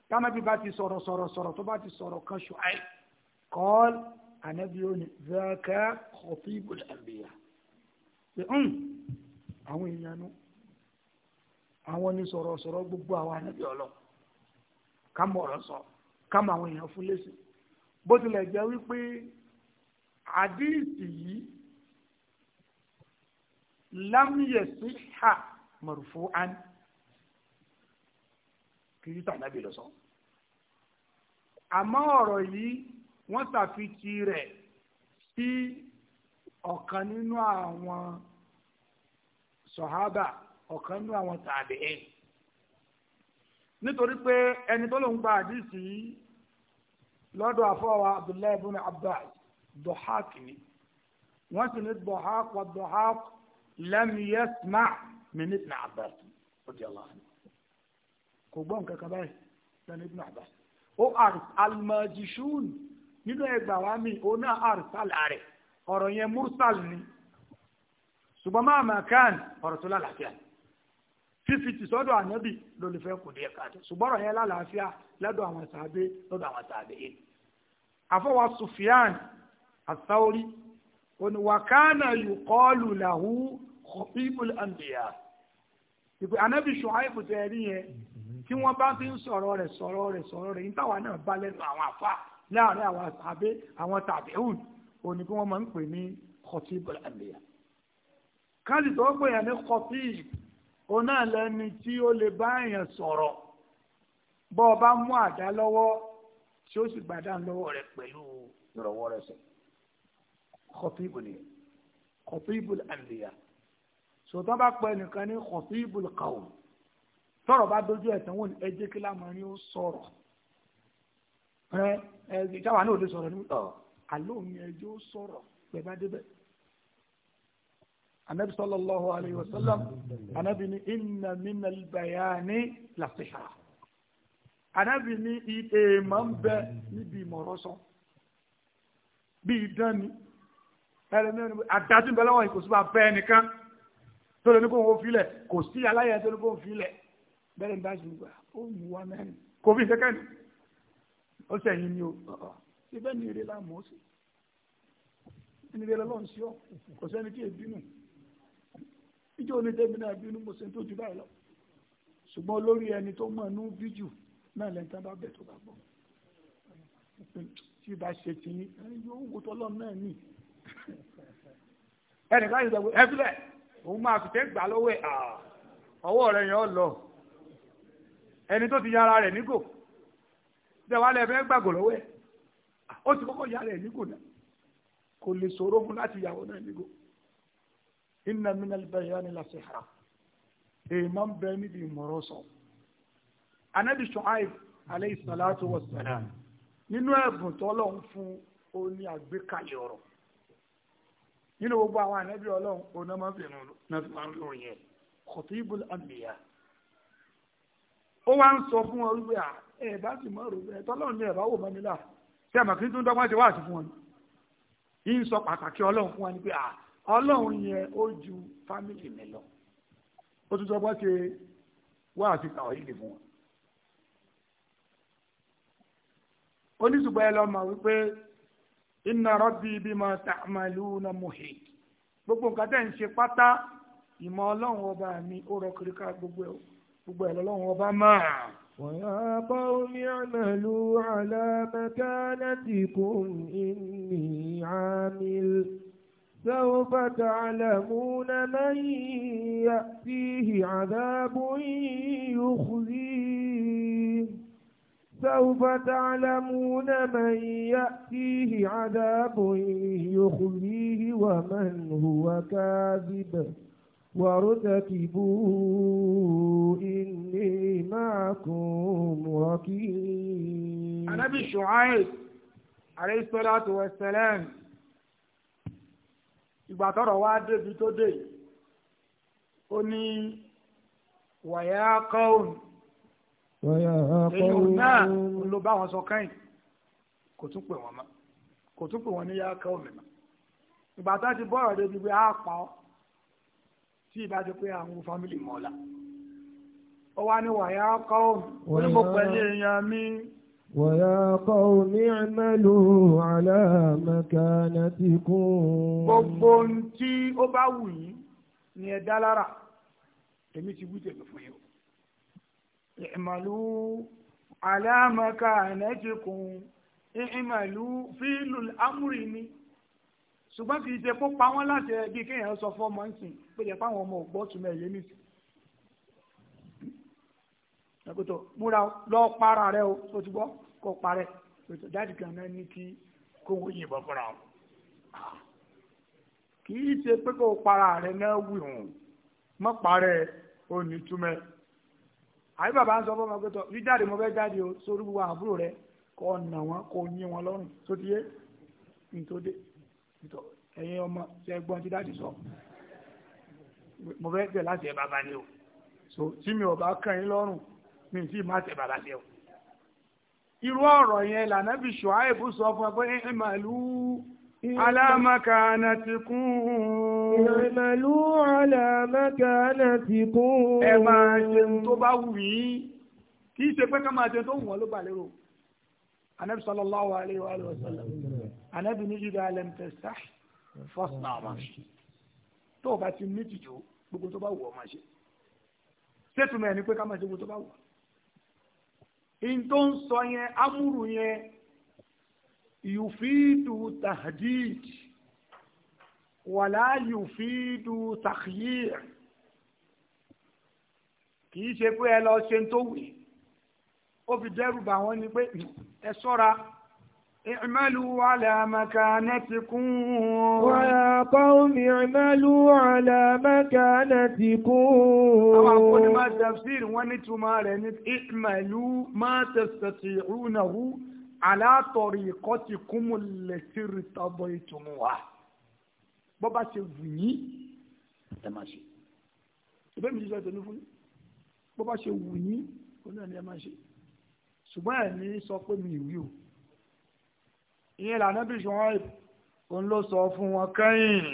tánabi bá ti sọ̀rọ̀ sọ̀rọ̀ sọ̀rọ̀ tó bá ti sọ̀rọ̀ kan ṣùáì kọ́l anabi ó ní zaka khatibul anbiya pé ń àwọn èèyàn nu àwọn ní sọ̀rọ̀ sọ̀rọ̀ gbogbo àwọn anabi ọlọ ká mọ̀ ọ̀rọ̀ sọ ká mọ̀ àwọn èèyàn fún lẹ́sìn bó tilẹ̀ jẹ́ wípé àdíìsì yìí lámìyẹsí ha mọ̀rùfú án kìí tàbí lọ sọ. àmọ́ ọ̀rọ̀ yìí wọ́n ṣàfitì rẹ̀ sí ọ̀kan nínú àwọn sọ̀hábà ọ̀kan nínú àwọn tàbí ẹ̀ nítorí pé ẹni tó lòún gba àdìsí lọ́dọ̀ àfọwà abdullahi ibn abbas dọ̀hák ni wọ́n sì ní dọ̀hák wa dọ̀hák lam yasma' min ibn abbas radiyallahu anhu kò gbọ́ nǹkan kan báyìí lẹ́nu ibn abbas ó almajishun nínú ẹgbàá wa mi ó náà arsal ààrẹ ọ̀rọ̀ yẹn mursal ni ṣùgbọ́n máa máa kàn ọ̀rọ̀ tó lálàáfíà fífi ti sọ́dọ̀ ànábì ló lè fẹ́ kù díẹ̀ káàtó ṣùgbọ́n ọ̀rọ̀ yẹn lálàáfíà lọ́dọ̀ àwọn sàábé lọ́dọ̀ àwọn sàábé yìí àfọwọ́ sufiyan asaori òní wàkánà yùkọ́ọ̀lù làwù kọ̀bíbùl àǹbìyà ìpè anábì ṣùháìbù tẹ ẹ nìyẹn tí wọ́n bá fi ń sọ̀rọ̀ rẹ̀ sọ̀rọ̀ rẹ̀ sọ̀rọ̀ rẹ̀ nítawà náà bá lẹ́nu àwọn àfa láàrin àwọn àbẹ àwọn tàbíhùn òní kí wọ́n máa ń pè ní kọ̀bíbùl àǹbìyà káàdì tó gbé yẹn ní kọ̀bíb òun lẹni tí ó lè bá èèyàn sọ̀rọ̀ bọ́ ọ bá mú àdá lọ́wọ́ tí ó sì gbàdá lọ́wọ́ rẹ̀ pẹ̀lú ìrọ̀wọ́ rẹ̀ sọ̀rọ̀ kọtíbù ni kọtíbù àlìyà sòtọ́ bá pẹ́ nìkan ní kọtíbù kàwọ́ tọ́rọ̀ bá dojú ẹ̀sán wọn ẹ jẹ́ kí lámọrin ó sọ̀rọ̀ ẹ ẹ ìjáwá náà ò lè sọ̀rọ̀ nígbà àlóhùn ẹjọ́ sọ̀rọ̀ pẹ̀lú adébẹ̀ anabi sallallahu alayhi wa sallam anabi ni inna min albayani la anabi ni ìtẹ̀ máa ń bẹ níbi ìmọ̀rọ̀ sọ bí ìdán ẹlẹ́mìíràn àdájú bẹ́ẹ̀ lọ́wọ́ ìkòsí bá bẹ́ẹ̀ nìkan tó lè ní kó wọ́n filẹ̀ kò sí aláyẹ̀ tó lè kó wọ́n filẹ̀ bẹ́ẹ̀ ni bá ṣe gbà ó mú wa mẹ́rin kò fi ṣe kẹ́ni o ṣe bẹ́ẹ̀ ni eré láàmú ó sì ẹni rẹ lọ́n sí ọ kò sẹ́ni tí èbínú ìjọ onídẹ́bí náà bínú mo ṣe ń tójú báyìí lọ ṣùgbọ́n olórí ẹni tó mọ̀ ní bíjù náà lẹ́ńtà bá bẹ̀ tó bá gbọ́ tí ìbá ṣe tì ní yóò wò tọ́lọ́ náà ẹnì kan ìgbàgbọ́ ẹfilẹ̀ òun máa fi ọ ah, lọ ẹni tó ti yára nígò ah, ó ti yára nígò náà kò lè fún láti yàwó náà nígò ń bẹ níbi sọ anabi shu'aib aleyhi salatu wa salam nínú ń fún nínú gbogbo àwọn ànábì ọlọ́run òun náà máa ń fi ràn náà fi máa ń lò yẹn kọ̀tíbùl àmìyá ó wá ń sọ fún wọn wípé ẹ bá sì mọ ọ̀rọ̀ ẹ tọ́lọ́run ní ẹ bá wò mọ́ nílà tí àmọ́ kí n tún dọ́gbọ́n ti wá àti fún wọn yìí ń sọ pàtàkì ọlọ́run fún wa ni pé ọlọ́run yẹn ó ju fámìlì mi lọ ó tún dọ́gbọ́n ti wá àti kàwé yìí fún wọn. oníṣùgbọ́n ẹ lọ mọ̀ wípé inna rabbi bima ta'maluna muhit gbogbo nǹkan tẹ́ ń ṣe pátá ìmọ̀ ọlọ́run ọba mi ó rọ kiri ká gbogbo ẹ̀ gbogbo ẹ̀ lọ́lọ́run ọba máa. wa ya qawmi i'malu ala makanatikum inni 'amil. سوف تعلمون من يأتيه عذاب يخزيه سوف تعلمون من يأتيه عذاب يخليه ومن هو كاذب وارتكبوا إني معكم ركيب عن أبي شعيب عليه الصلاة والسلام ìgbà tọ́rọ̀ wá débi tó dé èèyàn náà ló bá wọn sọ káyìn kò tún pè wọn mọ́ kò tún pè wọn ní yàrá kẹ́wọ̀n mọ́ ìgbà tá a ti bọ́ ọ̀rọ̀ débi pé a pa ọ́ tí ìbá ti pé àwọn fámìlì mọ́ ó wá ní wàyà kọ́wọ̀n ó ní mo pẹ̀lú èèyàn mi. ويا قوم اعملوا على مكانتكم gbogbo tí ó bá wù yín ni ẹ dá lára èmi ti wí tèmi fún yín o i'malu على makanatikum i'malu fílùl amúrì ni ṣùgbọ́n kì í ṣe kó pa wọ́n láti ẹbí kéèyàn sọ fọ́ọ̀mù ẹ̀sìn pé yẹ fáwọn ọmọ ògbọ́ túnmọ̀ ẹ̀yẹ nìsí. ẹ̀kútọ̀ múra lọ para rẹ o tó ti gbọ́ kó parẹ́ ètò jáde kan náà ní kí kó wọ́n yìnbọn fúnra o. kì í ṣe pé kó para rẹ náà wù hùn mọ́ parẹ́ onítúmẹ̀ àbí bàbá ń sọ fún ọmọ pé tọ jíjáde mo fẹ́ jáde o sórí gbogbo àbúrò rẹ kọ nà wọn kọ yín wọn lọ́rùn tó ti yé nítorí ẹ̀yin ọmọ ṣe gbọ́n ti dáàdì sọ mo fẹ́ tẹ̀ láti ẹ̀ bàbá ni o so tí mi ò bá kàn yín lọ́rùn mi ì tí ì má tẹ̀ bàbá tẹ̀ o irú ọ̀rọ̀ yẹn lànà bí ṣùáìbù sọ fún ẹ pé ẹ màlúù. على مكانتكم اعملوا على مكانتكم ẹ máa ṣe ń tó bá wù yín kì í ṣe pé ká máa ṣe tó wù wọ́n ló bà lérò anabi sallallahu alayhi wa alayhi wa sallam anabi ní ìdá alam tẹsà fọsùn àwọn àṣì tó bá ti ní tìjú gbogbo tó bá wù ọ máa ṣe ṣètùmọ̀ ẹ̀ ni pé ká máa ṣe gbogbo tó bá wù ọ. ń sọ yẹn amúrù yẹn. يفيد تهديد ولا يفيد تخييع kìí ṣe pé ẹ lọ ṣe tó wì ó fi dẹ́rù bà wọ́n ní pé ẹ ṣọ́ra اعملوا على مكانتكم ويا قوم اعملوا على مكانتكم àwọn akọ́ni máa tafsir wọ́n ní túmọ̀ rẹ̀ ní اعملوا ما تستطيعونه aláàtọ̀rọ̀ ìkọ́ ti kún mu lẹ́sìrì tọ́bọ̀ ìtumù wa bọ́ bá ṣe wù yín ẹ máa ṣe ìbẹ́ mi jíjọ́ ìtọ́ni fún yín bọ́ bá ṣe wù yín oní ẹ̀ ní ẹ máa ṣe ṣùgbọ́n ẹ̀ ní sọ pé mi ìwí o ìyẹn lànà bí ṣùgbọ́n òun ló sọ fún wọn kẹ́yìn.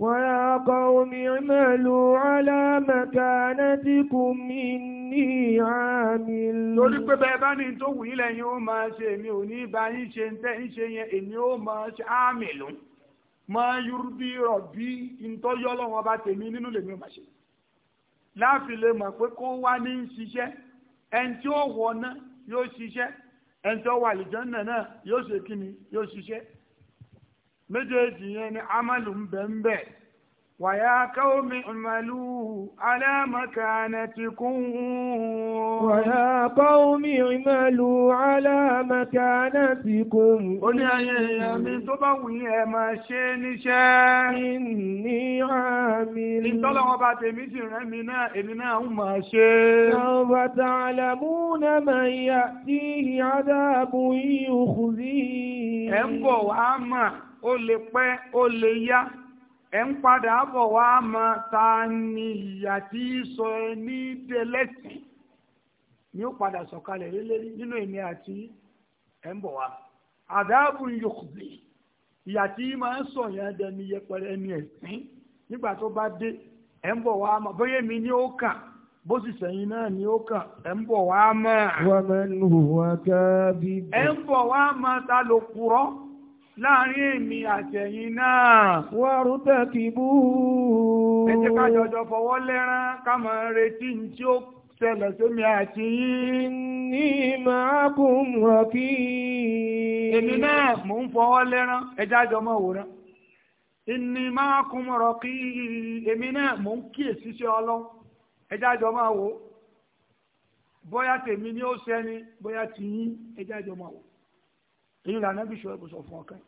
wọ́n á kọ́ omi ìmọ̀lú alámọ̀ká náà ti kú mi ní ní àmì lò. Torí pé bẹ́ẹ̀ bá ní tó wù yín lẹ́yìn ó máa ṣe èmi ò ní bá yín ṣe ń tẹ́ ń ṣe yẹn èmi ó máa ṣe àmì lò. Máa yúrú bí rọ̀ bí lọ́wọ́ bá tèmi nínú lèmi ò ṣe. Láàfin lè mọ̀ pé kó wá ní ṣiṣẹ́. Ẹni tí ó wọ̀ náà yóò ṣiṣẹ́. Ẹni tí ó wà àlùjànnà náà yóò ṣe kíni yóò ṣiṣẹ́. Méjèèjì yẹn ni amálù ń bẹ̀ ń bẹ̀. ويا قوم اعملوا على مكانتكم ويا قوم اعملوا على مكانتكم قل يا من تبوي ما شينشا إني عامل إن طلعوا بعد مثل أمنا إننا هم شين سوف تعلمون من يأتيه عذاب يخزيه أمبو أما قل لي قل لي e ń padà wá mọ ni ìyà ni o padà sọ̀kalẹ̀ lélẹ́rí nínú èmi àti ẹ ń bọ̀ wá àdáàbù sọ yẹn dẹni yẹpẹrẹ ẹni ẹ̀sìn nígbà tó bá dé bóyá ni o kàn bó sì sẹ́yìn náà ni o ka, ẹ̀ ń wá mọ́. wọ́n ta ló láàrin èmi àtẹ̀yìn náà. wà rúbẹ̀ kì bú. tí ó sẹlẹ̀ sómi àti ní máa kún ọ̀kí. èmi náà mò ń fọwọ́ lẹ́rán ìní máa kún èmi náà mò ń kíyèsí ọlọ́ wò. bọ́yá tèmi ni ó wò. èyí lànà bí ṣọ́ ìbùsọ̀ fún ọkàn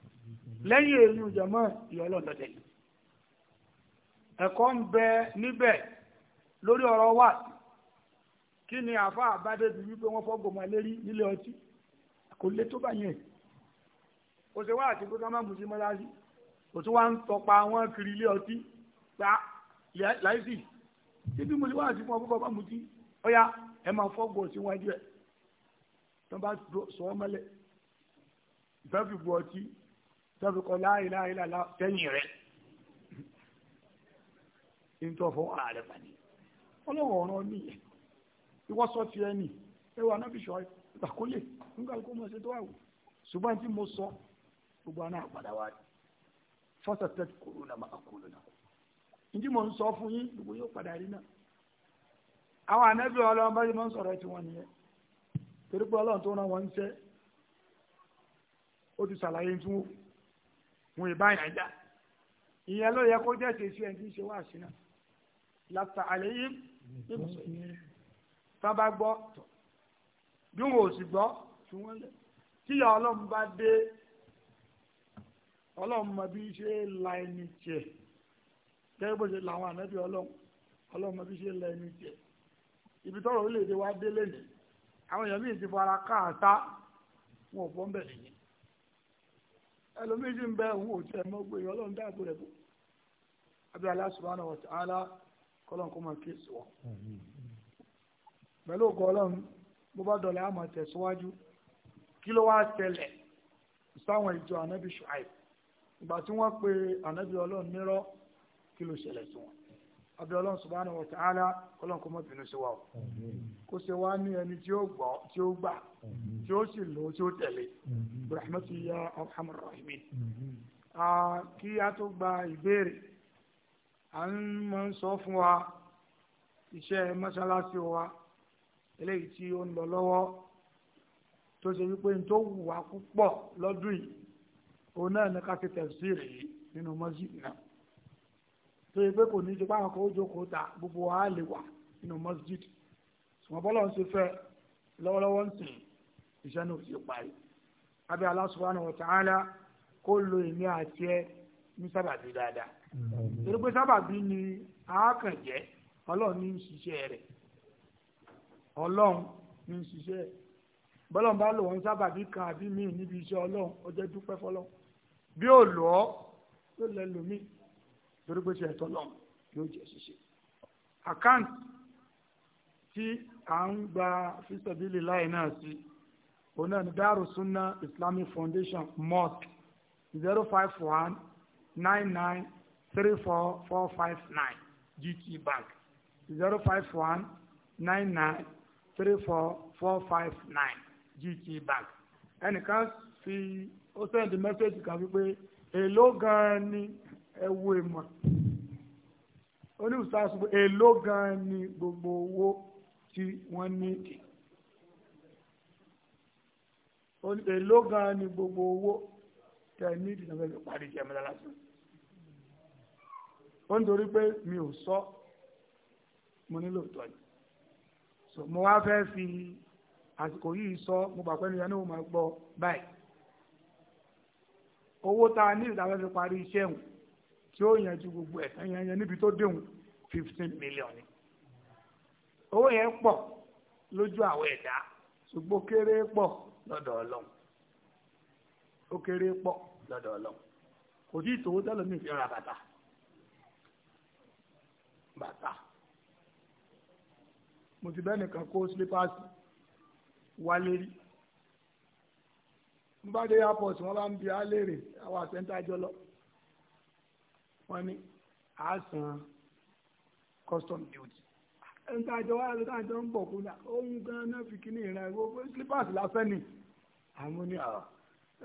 lẹ́yìn èyí ìjọmọ́ ìyọlọ́dọ̀dẹ̀ ẹ̀kọ́ ń bẹ níbẹ̀ lórí ọ̀rọ̀ wà kí ni àfa àbádé bí wípé wọ́n fọ́gbọ̀n máa lérí nílé ọtí kò lè tó bá yẹn kò sí wá àti pé ká má mú sí mọ́láṣí kò tún wá ń tọpa wọn kiri ilé ọtí gba láìsí títí mo ti wá àti fún ọkọ̀ bá mú tí ọ̀ya ẹ̀ máa fọ́gbọ̀n sí wájú ẹ̀ tó bá sọ ọ́ mọ́lẹ̀ ìfẹ́ fi bu ọtí ìfẹ́ fi kọ láìláìláìlá sẹ́yìn rẹ̀ ìtọ́fọ́ ààrẹ pàdé ọlọ́wọ̀ ọ̀rọ̀ ní ìwọ́sọ́ ti ẹni ẹwà anábìṣọ́ ìgbàkólè nígbà kó mọ̀ ṣe tó ṣùgbọ́n tí mo sọ gbogbo aná àpàdà wa rí fọ́sà tẹ́tí kòrò náà máa kúrò náà ìdí mo ń sọ fún yín gbogbo yóò padà rí náà àwọn anábì ọlọ́run bá ti máa ń sọ̀rọ̀ tí wọ́n nìyẹn torí pé ọlọ́run tó rán wọn ń ṣẹ́ ó ti ṣàlàyé tí wọ́n wọ́n ì báyà já ìyẹn ló yẹ kó jẹ́ tèsí ẹni tí ń ṣe wá sí náà lásìkò àlẹ́ yìí ní mùsùlùmí tá a bá gbọ́ bí wọn ò sì gbọ́ tí wọ́n lẹ̀ tíyà ọlọ́run bá dé ọlọ́run mọ bí ṣe la ẹni jẹ gẹ́gẹ́ bó ṣe làwọn ànábì ọlọ́run ọlọ́run mọ bí ṣe la ẹni jẹ ibi tọ́rọ̀ orílẹ̀-èdè wa dé lẹ́nu àwọn èèyàn míì ti fọ ara wọn ò bọ́ ń bẹ̀ nìyẹn ẹlòmíín sì ń bẹ òun ò tẹ mọ́gbé ọlọ́run dáàbò rẹ̀ bò àbí Allah subhanahu wa ta'ala kọ́lọ́n kó kí èso wọn. pẹ̀lú ògùn ọlọ́run bó bá dọ̀lẹ́ àmọ̀ tẹ̀síwájú pe anabi ọlọ́run nírọ́ kí ló ọbẹ̀ ọlọ́run subhanahu wa ta'ala ọlọ́run kò mọ̀ bínú sí wa o kò ṣe wá ní ẹni tí ó gbọ́ tí ó gbà tí ó sì lò tí ó ya alhamdu rahimin kí a tó gba ìbéèrè à ń mọ̀ ń sọ fún wa iṣẹ́ mọ́ṣáláṣí wa eléyìí tí ó ń lọ lọ́wọ́ tó ṣe wípé n tó wù wá púpọ̀ lọ́dún yìí òun náà ní ká ṣe nínú tó yẹ pé kò ní ju páwọn kan ó jókòó ta gbogbo wa á lè wà nínú masjid ṣùgbọ́n bọ́lá ń ṣe fẹ́ lọ́wọ́lọ́wọ́ ń sìn iṣẹ́ náà ti parí abẹ́ Allah subhanahu wa ta'ala kó lo èmi àti ẹ ní sábàbí dáadáa torí pé sábàbí ni àákànjẹ́ ọlọ́run ní ń ṣiṣẹ́ rẹ̀ ọlọ́run ní ń ṣiṣẹ́ rẹ̀ bọ́lọ̀ bá lò wọ́n sábàbí kan àbí míì níbi iṣẹ́ ọlọ́run ọjọ́ dúpẹ́ fọlọ́ bí ò lọ́ tó lẹ́ lómi torí pé ṣe ẹ̀tọ́ náà yóò jẹ́ ṣíṣe àkáǹtì tí à ń gba fisabili láì náà sí òun náà ní Islamic Foundation mosque zero five one nine nine three four four five nine GT Bank zero five one nine nine three four four five nine GT Bank ẹnìkan fi ó sẹ́ndì mẹ́sẹ̀gì kan wípé èló gan-an ni ẹ wo ìmọ̀ oníwùsàsù èló gan ni gbogbo owó tí wọ́n ní èló gan ni gbogbo owó tẹ ní ìdìbò fẹ́ fi parí jẹ́ lásán ó ń torí pé mi ò sọ mo nílò ìtọ́jú so mo wá fẹ́ fi àsìkò yìí sọ mo gbà pé ẹni yẹn ní mo máa gbọ́ báyìí owó tá a ní ìdàgbàsókè parí iṣẹ́ wọn tí ó yanjú gbogbo ẹ̀sán níbi tó déhùn fifteen million ni owó yẹn pọ̀ lójú àwọn ẹ̀dá ṣùgbọ́n kéré pọ̀ lọ́dọ̀ ọlọ́run ó kéré pọ̀ lọ́dọ̀ ọlọ́run kò tí ì tòwó tẹ́lẹ̀ mi fi ra bàtà bàtà mo ti bẹ́ẹ̀ nìkan kó slippers wálé rí n bá wọ́n ní a custom duty nta àjọ wa ló dájọ ń bọ̀ kúndà ohun gan náà fi kíní ìran ẹ̀rọ slippers lásán ni àmú ni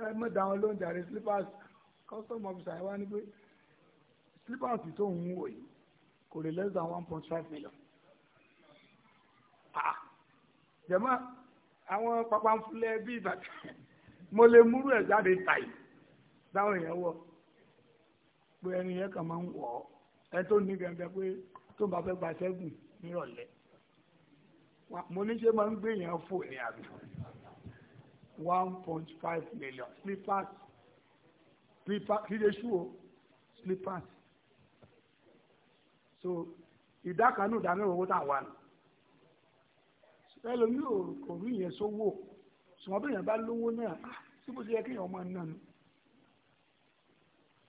ẹ mọ̀dà wọn ló ń jàre slippers custom officer wa ni pé slippers tó ń wò yìí kò lè less than one point five million jẹ̀mọ́ àwọn papanfulẹ̀ bíi bàtà mo lè múrú ẹ̀ jáde tàyè táwọn èèyàn wọ̀ pé ẹni yẹn kàn máa ń wọ̀ ọ́ ẹ tó ní gẹ́gẹ́ pé tó bá fẹ́ gba ṣẹ́gun nírọ̀lẹ́ mo ní ṣe máa ń gbé yẹn fò ní àbí one point five million slippers slippers kí lè ṣú o slippers so ìdá kan náà ìdáná owó tá a wà nù ẹlòmíì ò kò rí yẹn sówó ṣùgbọ́n bí èèyàn bá lówó náà ah, síbi tí yẹ kí èèyàn máa ń nù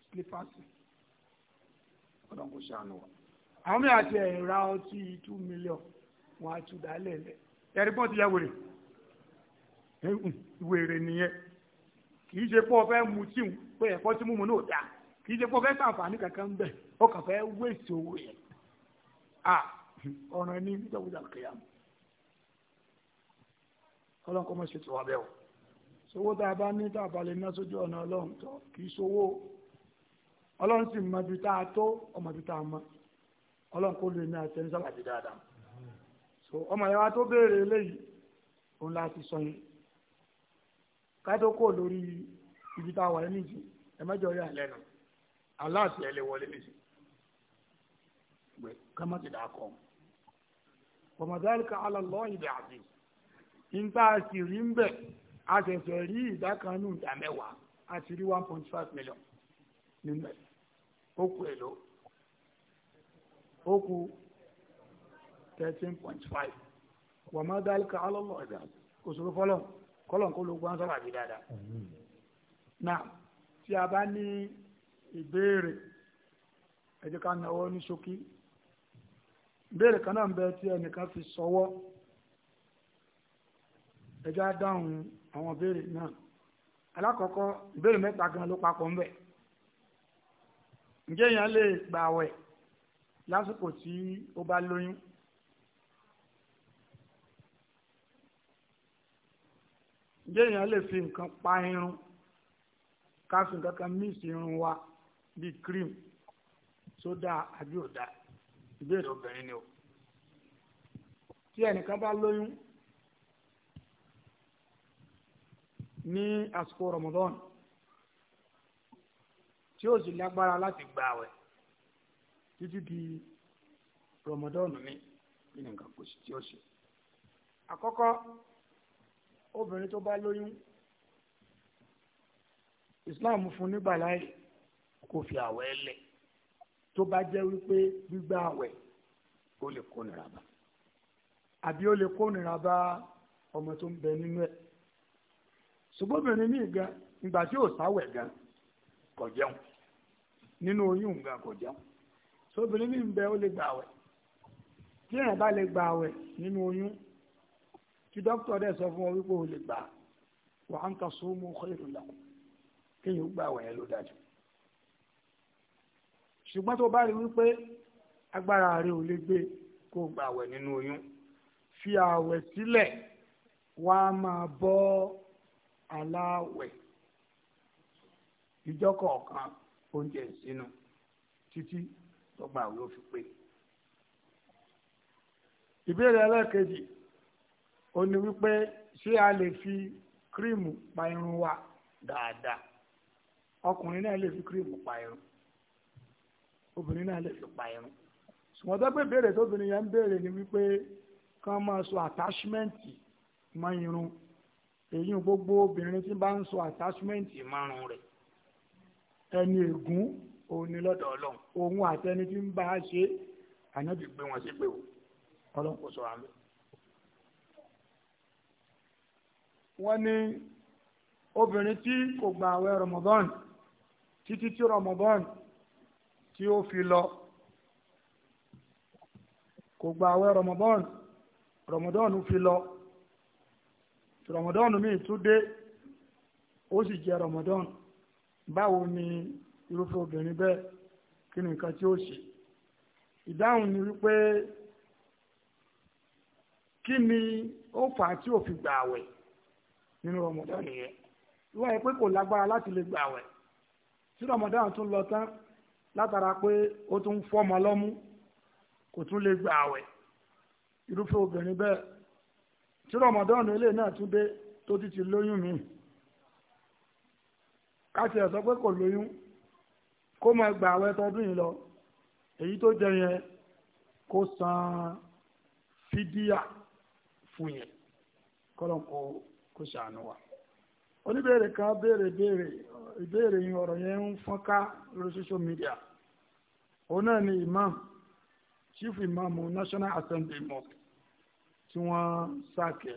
slippers. ọlọ́run kò a wa. àwọn mìíràn ti ra ọtí two million wọn á tún dálẹ̀ lẹ̀ ẹ̀rí pọ́n ti yá wèrè wèrè nìyẹn kì í ṣe pọ́ fẹ́ mu tí ń pé ẹ̀kọ́ tí mímu náà dáa kì í ṣe fẹ́ kankan bẹ̀ fẹ́ owó yẹn mọ̀ bẹ́ẹ̀ o tá a bá ní tá a bá ná sójú ọ̀nà ọlọ́run tó ọlọ́run sì mọ ibi tá a tó ọmọ ibi tá a mọ ọlọ́run kò lè ní àti ẹni sábàjì dáadáa so ọmọ yẹn wa tó béèrè eléyìí òun la ti sọ yẹn káyọ̀tò kò lórí ibi tá a wà ní ìsìn ẹ mẹ́jọ rí àlẹ́ nà aláàtì ẹ̀ lè wọlé lè sìn gbẹ kọ́ ọmọdéwàlì ká ala lọ́ọ̀yì dà àbí nígbà sì rí ń bẹ̀ a ṣẹ̀ṣẹ̀ rí ìdá kan nù ìdá mẹ́wàá a ti rí one point five million nínú ẹ̀. ó kú èlò thirteen point five wà má dá ká a bá ní ìbéèrè ẹ ká náwó ní ṣókí ìbéèrè kan náà ń bẹ tí ẹnìkan fi sọwọ́ sọwọ á dáhùn àwọn ìbéèrè náà alákọ̀ọ́kọ́ ìbéèrè mẹ́ta gan ló papọ̀ ǹjẹ́ èèyàn lè gbààwẹ̀ lásìkò tí ó bá lóyún. ǹjẹ́ èèyàn lè fi nǹkan pa irun ká fi nǹkan kan mí sí irun wa bíi cream sódà àbí ọ̀dà ìbéèrè obìnrin ni o. tí ẹnìkan bá lóyún ní àsìkò Ramadan tí ó sì lágbára láti gba àwẹ̀ títí di rọmọdọ́ọ̀nù mi kí ni nǹkan kò sí tí o ṣe. àkọ́kọ́ obìnrin tó bá lóyún Islam fún nígbà láì kò fi àwẹ̀ lẹ̀ tó bá jẹ́ wípé gbígbà àwẹ̀ ó lè kó nira bá àbí ó lè kó nira bá ọmọ tó ń bẹ nínú ẹ̀ ṣùgbọ́n obìnrin ní ìgbà tí ò sáwẹ̀ gan kò jẹun nínú oyún nǹkan kò jẹun sóbìnrin mi ń bẹ ó lè gbà wẹ̀ tí èèyàn bá lè gbà wẹ̀ nínú oyún tí dókítà dẹ̀ sọ fún wọn wípé ó lè gbà wa an tasumu khairun lakum kéèyàn gbà wẹ̀ ló dájú ṣùgbọ́n tó bá rí wípé agbára rẹ ò lè gbé kó gbà wẹ̀ nínú oyún fi àwẹ̀ sílẹ̀ wá máa bọ́ aláwẹ̀ ìjọ kọ̀ọ̀kan. oúnjẹ sínú títí tọgbà àwọn fi pé. ìbéèrè ẹlẹ́ẹ̀kejì ó ní wípé ṣé a lè fi kírímù pa irun wa dáadáa ọkùnrin náà lè fi kírímù pa irun obìnrin náà lè fi pa irun ṣùgbọ́n tó pé béèrè tóbìnrin yẹn ń béèrè ni wípé kán máa so àtàṣímẹ́ǹtì mọ́ irun èyí gbogbo obìnrin tí bá ń so àtàṣímẹ́ǹtì márùn rẹ̀ ẹni ègún òun ni lọ́dọ̀ ọlọ́run òun àtẹni tí ń bá a ṣe ànábì gbé wọn sí pé o ọlọ́run kò sọ àmì. wọ́n ní obìnrin tí kò gba àwẹ̀ Ramadan títí tí Ramadan tí ó fi lọ kò gba àwẹ̀ Ramadan Ramadan fi lọ Ramadan mi tún dé ó sì jẹ Ramadan báwo ni irúfẹ́ obìnrin bẹ́ẹ̀ kí ni nǹkan tí ó ṣe ìdáhùn ni wípé kí ni ó fà á tí ò fi gbà àwẹ̀ nínú Ramadan nìyẹn ìwọ yẹ pé kò lágbára láti lè gbà àwẹ̀ tí Ramadan tún lọ tán látara pé ó tún fọmọ lọ́mú kò tún lè gbà àwẹ̀ irúfẹ́ obìnrin bẹ́ẹ̀ tí Ramadan náà tún dé tó ti ti lóyún mi káti ẹ̀ sọ pé kò lóyún kó máa gba àwọn ẹtọdún yìí lọ èyí tó jẹ yẹn kó san fídíà fún yẹn kọ́lọ́n kó kó ṣàánú wa. oníbèrè kan béèrè béèrè ìbéèrè yìí ọ̀rọ̀ yẹn ń fọ́nká lórí social media òun náà ni imam chief imam national assembly mosque tí wọ́n sáàkẹ́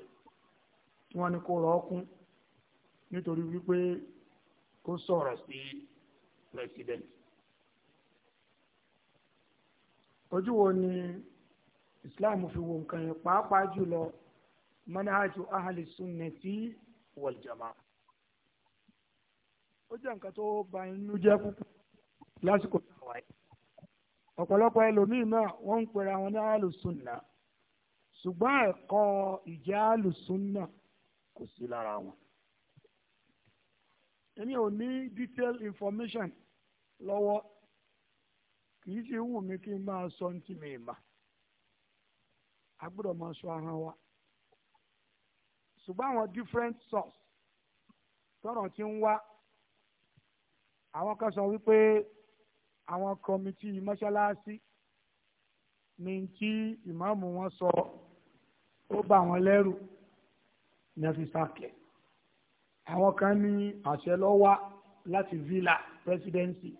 tí wọ́n ní kó rọ́ọ̀kún nítorí wípé. ó sọ̀rọ̀ sí president. ojú wo ni islam fi wo nǹkan yẹn pàápàá jùlọ manhaju ahli sunnati wal jamaa. ó jẹ́ nǹkan tó bà inú jẹ́ púpọ̀ lásìkò tó wà ọ̀pọ̀lọpọ̀ ẹlòmíín náà wọ́n ń pera wọn ní ahli ṣùgbọ́n ẹ̀kọ́ ìjẹ́ ahli sunna kò sí lára wọn. èmi ò ní detail information lọ́wọ́ kì í ṣe wù mí kí n máa sọ ní ti mi mà a gbọ́dọ̀ máa sọ ara wa ṣùgbọ́n àwọn different source tọ́rọ̀ ti ń wá àwọn kan sọ wípé àwọn kọmitì mọ́ṣáláṣí ní tí ìmáàmù wọn sọ ó bà wọ́n lẹ́rù ní ẹ fi sáàkẹ́ àwọn kan ní àṣẹ lọ́wọ́ láti villa presidency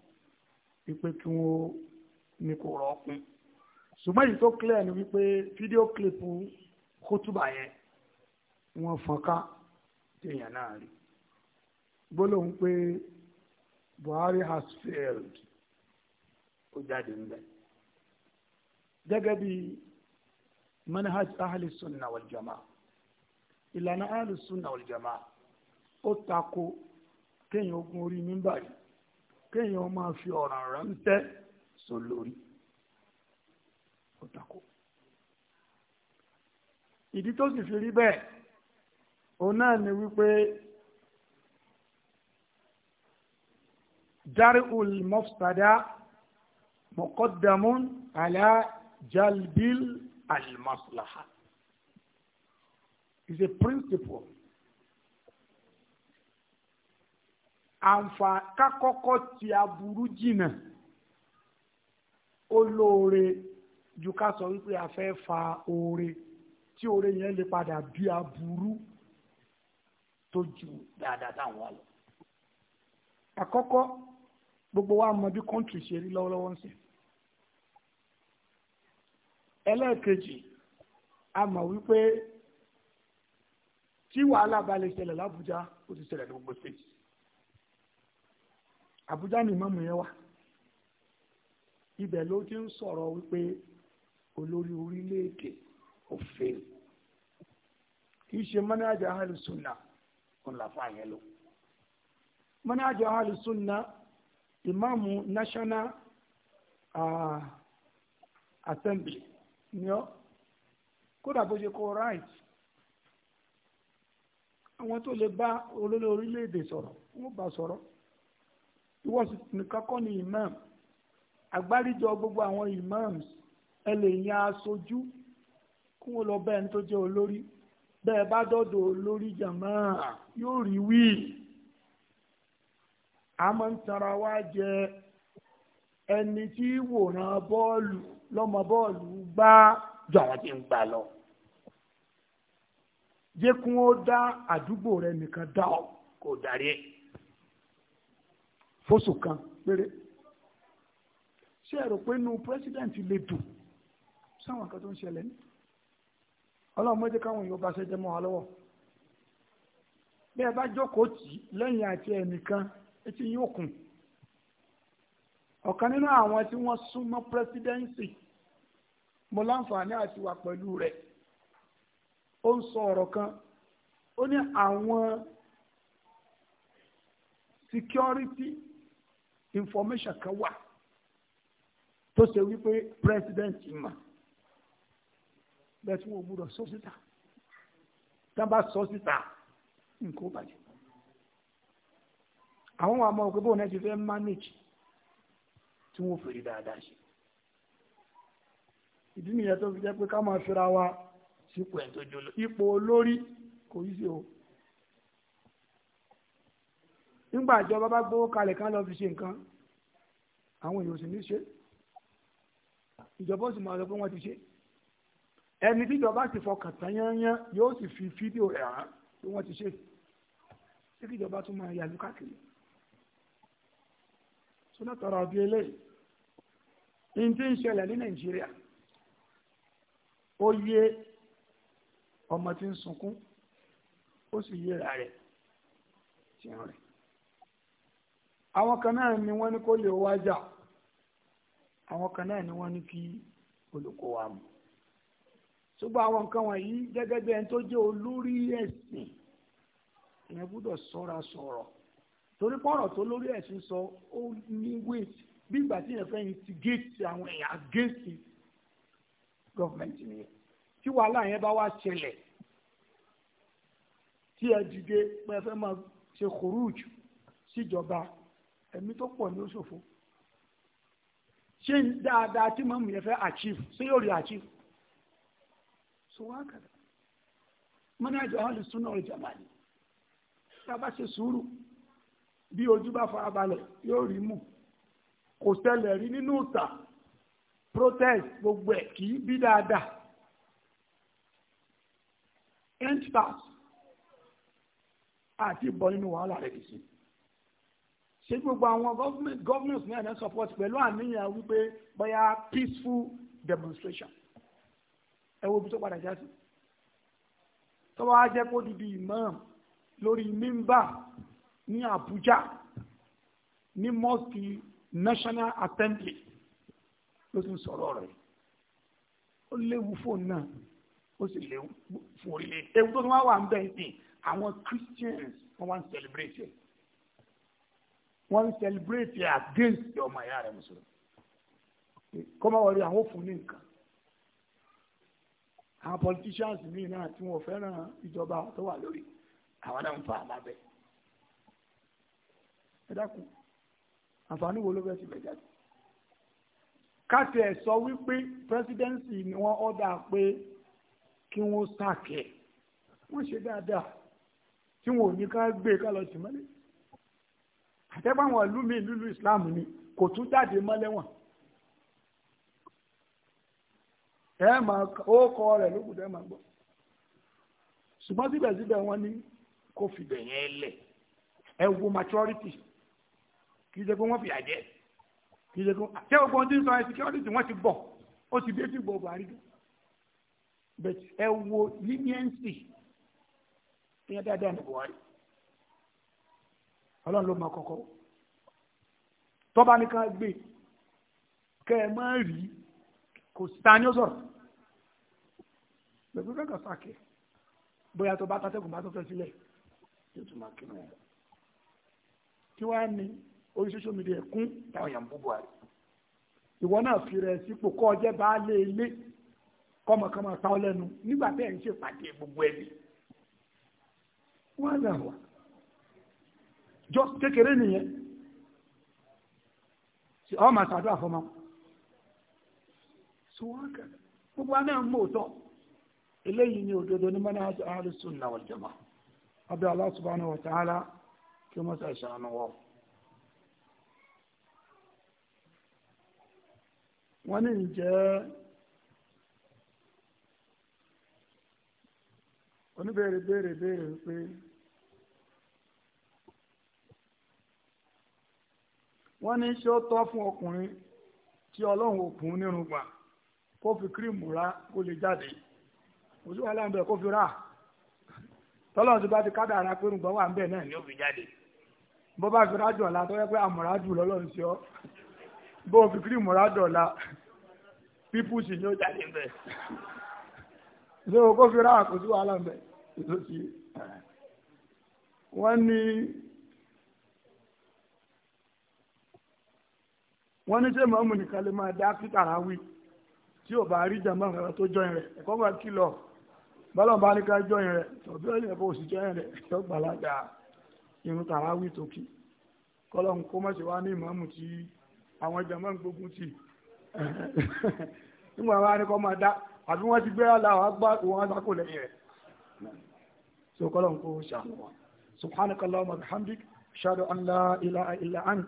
wípé kí wọ́n ní kò rọ́ọ̀kún ṣùgbọ́n èyí tó clear ni wípé fídíò clip kótùbà yẹn wọ́n fọ́nká téèyàn náà rí gbólóhùn pé Buhari has failed ó jáde ń bẹ gẹ́gẹ́ bí manhaj ahli sunna wal jamaa ìlànà ahli sunna wal jamaa ó tako kéèyàn ogun orí mímbà yìí kéèyàn máa fi ọ̀ràn rántẹ́ sọ lórí ó tako ìdí tó sì fi rí bẹ́ẹ̀ òun náà ni wípé jari'ul mufsada muqaddamun ala jalbil al maslaha is a principle àǹfà kákọ́kọ́ ti aburú jìnà ó lóore ju ká sọ wípé a fẹ́ fa oore tí oore yẹn lè padà bí aburú tó ju dáadáa táwọn wà lọ. àkọ́kọ́ gbogbo wa mọ bí kọ́ńtì ṣe rí lọ́wọ́lọ́wọ́ ń sìn. ẹlẹ́ẹ̀kejì a mọ̀ wípé tí wàhálà bá lè ṣẹlẹ̀ lábújá ó ti ṣẹlẹ̀ ní gbogbo stéèjì Àbújá ni ìmọ̀mù yẹn wà ibẹ̀ ló ti ń sọ̀rọ̀ wípé olórí orílẹ̀-èdè òfin kì í ṣe mọ́nájà alùsùnà ọ̀làfà yẹn lò mọ́nájà alùsùnà ìmáàmù national assembly ni ọ́ kódà bó ṣe kó right àwọn tó lè bá olórí orílẹ̀-èdè sọ̀rọ̀ wọ́n bá sọ̀rọ̀ ìwọ sì nìkan kọ́ ni imam àgbáríjọ gbogbo àwọn imams ẹ lè yan aṣojú kí wọ́n lọ bá ẹni tó jẹ́ olórí bẹ́ẹ̀ bá dọ́dọ̀ olórí jàmá yóò rí wí a máa ń tara wá jẹ ẹni tí wòran bọ́ọ̀lù lọ́mọ bọ́ọ̀lù gbá ju àwọn tí ń gbà lọ jẹ́ kí wọ́n dá àdúgbò rẹ nìkan dá ọ kò darí ẹ̀ fóṣù kan péré ṣé ẹ rò pé inú president lè dùn sáwọn kan tó ń ṣẹlẹ̀ ní ọlọ́run méjì káwọn èèyàn bá ṣẹjẹ mọ́ wa lọ́wọ́ bí ẹ bá jókòó tì lẹ́yìn àti ẹnìkan etí yóò kùn ọ̀kan nínú àwọn tí wọ́n súnmọ́ presidency mo láǹfààní àti wà pẹ̀lú rẹ̀ ó ń sọ ọ̀rọ̀ kan ó ní àwọn security information ka wà tó ṣe president ma bẹ́ẹ̀ tí wọ́n gbúdọ̀ sọ síta tá bá sọ síta nǹkan ó bàjẹ́ àwọn àmọ́ òkè bóun náà ti fẹ́ manage tí fèrè dáadáa ṣe ìdí nìyẹn tó fi pé wa sípò ẹ̀ tó jọ lọ ipò olórí kò o. nígbà ìjọba bá gbówó kalẹ̀ ká lọ fi ṣe nǹkan àwọn èèyàn sì ní ṣe ìjọba ó sì máa sọ pé wọ́n ti ṣe ẹni tí ìjọba sì fọkàn tán yányán yóò sì fi fídíò rẹ̀ hàn pé wọ́n ti ṣe sí kí ìjọba tún máa yàlú káàkiri sọ́nà tọrọ ọdún eléyìí ní ti ń ṣẹlẹ̀ ní nàìjíríà ó yé ọmọ tí ń sunkún ó sì yé ra rẹ̀ tiẹ̀ rẹ̀ àwọn kan náà ni wọ́n ní kó lè wá jà àwọn kan náà ni wọ́n ní kí olùkọ́ wa mú ṣùgbọ́n àwọn nǹkan wọ̀nyí gẹ́gẹ́ bí ẹni tó jẹ́ olórí ẹ̀sìn ìyẹn gbọ́dọ̀ sọ́ra sọ̀rọ̀ torí pọ̀rọ̀ tó lórí ẹ̀sìn sọ ó ní wait bí ìgbà tí yẹn fẹ́ instigate àwọn èèyàn against gọ́ọ̀mẹ̀ntì nìyẹn tí wàhálà yẹn bá wá ṣẹlẹ̀ tí ẹ dìde pé ẹ fẹ́ máa ṣe kòrúùjù síjọba ẹ̀mí tó pọ̀ ní ó ṣòfò ṣé dáadáa tí mọ̀mù yẹn fẹ́ achieve ṣé yóò rí achieve so wá kàdà mọ́nájọ ahlu sunnah wal jama'ah tá a bá ṣe sùúrù bí ojú bá fara balẹ̀ yóò rí mú kò ṣẹlẹ̀ rí nínú ìta protest gbogbo ẹ̀ kì í bí dáadáa end pass àti bọ́ nínú wàhálà rẹ̀ kìí sí ṣé gbogbo àwọn government governors ní ẹ̀dẹ́ support pẹ̀lú àníyàn wípé bóyá peaceful demonstration ẹ wo ibi tó padà já sí tọ́wọ́ á jẹ́ kó dìbì imam lórí mímbà ní Abuja ní mosque National Assembly ló ti ń sọ̀rọ̀ rẹ̀ ó léwu fóònù náà ó sì léwu fún orílẹ̀ ewu tó tún wá wà ń bẹ́ẹ̀ sìn àwọn Christians wọ́n wá ń celebrate it wọ́n ń celebrate against ọmọ ìyá rẹ̀ mùsùlùmí kọ́mọ wọlé àwọn fún ní nǹkan àwọn politicians míì náà tí wọ́n fẹ́ràn ìjọba tó wà lórí àwọn náà ń fa àlábẹ́ ẹ dákun àǹfààní wo ló fẹ́ ti bẹ̀ jáde káàtì ẹ̀ sọ wípé presidency ni wọ́n ọ́dà pé kí wọ́n sàkẹ́ wọ́n ṣe dáadáa tí wọ́n ò ní ká gbé e ká lọ sí mọ́lẹ́ àtẹ́gbàwọn ìlú mi ìlú Islam ni kò tún jáde mọ́ lẹ́wọ̀n ẹ máa ó kọ rẹ̀ lókùtẹ́ máa gbọ́ ṣùgbọ́n síbẹ̀síbẹ̀ wọ́n ní kó fìbẹ̀ yẹn lẹ̀ ẹ wo maturity kì í ṣe pé wọ́n fìyà jẹ kì í ṣe pé àti ọgbọ́n tí ń sọ security wọ́n ti bọ̀ ó ti bí etí gbọ̀ Buhari dùn ẹ wo leniency ìyẹn dáadáa ní Buhari ọlọ́run ló mọ kọ́kọ́ tọ́ba nìkan gbé kẹ́ ẹ má rí kò ta ni ó sọ̀rọ̀ pẹ̀lú kẹ́kọ̀ọ́ sàkẹ́ bóyá tó bá tàṣẹ́kùn bá tó fẹ́ sílẹ̀ yóò tún máa kírun ẹ̀ kí wàá ní orí social media kún táwọn èèyàn ń bú buhari ìwọ náà fi rẹ̀ sípò kọ́ ọjẹ́ bá lé ilé kọ́mọkọ́mọ sáwọ́ lẹ́nu nígbà tẹ́ ń ṣèpàdé gbogbo ẹbí wọ́n á lọ wà just kékeré nìyẹn ọ máa ṣàdúrà fọmọ sùwọ́nkà gbogbo aná ń mú òótọ́ eléyìí ni òdodo ní mọ́nà àti ahlu sunna wal jamaa abẹ́ Allah subhanahu wa ta'ala kí wọ́n ṣàṣàánú wọ́n. wọ́n ní ǹjẹ́ oníbèrè béèrè béèrè wípé. wọ́n ní ṣé ó tọ́ fún ọkùnrin tí ọlọ́run òkun nírun gbà kó fi kírìmù rá kó lè jáde ojú wa láǹbẹ̀ kó fi rà tọ́lọ́run ti bá ti kádà ara pé rúgbọ́n wà ń bẹ̀ náà ni ó fi jáde bó bá fi rájò ọ̀la tó yẹ pé àmọ̀rájù lọ́lọ́run sí ọ bó fi kírìmù rájò ọ̀la pípùsì ni ó jáde ń bẹ̀ so kó fi rà kó sí wàhálà ń bẹ̀ wọ́n ní. wọ́n ní ṣé mọ̀ọ́mù nìkan lè máa dá kítàrà wí tí ò bá rí jàmbá kankan tó jọyìn rẹ̀ ẹ̀kọ́ bá kìlọ̀ bọ́lọ̀n bá ní ká jọyìn rẹ̀ tọ̀bí ọ̀yìn ẹ̀fọ́ òsì jọyìn rẹ̀ tó gbàlagbà irun tàrà wí tókì kọ́lọ́n kó má ṣe wá ní ìmọ̀ọ́mù tí àwọn jàmbá ń gbógun tì nígbà wá ní kọ́ máa dá àbí wọ́n ti gbé aláwọ̀ agbá wọn sákò lẹ́yìn rẹ̀ so kọ́lọ́n ant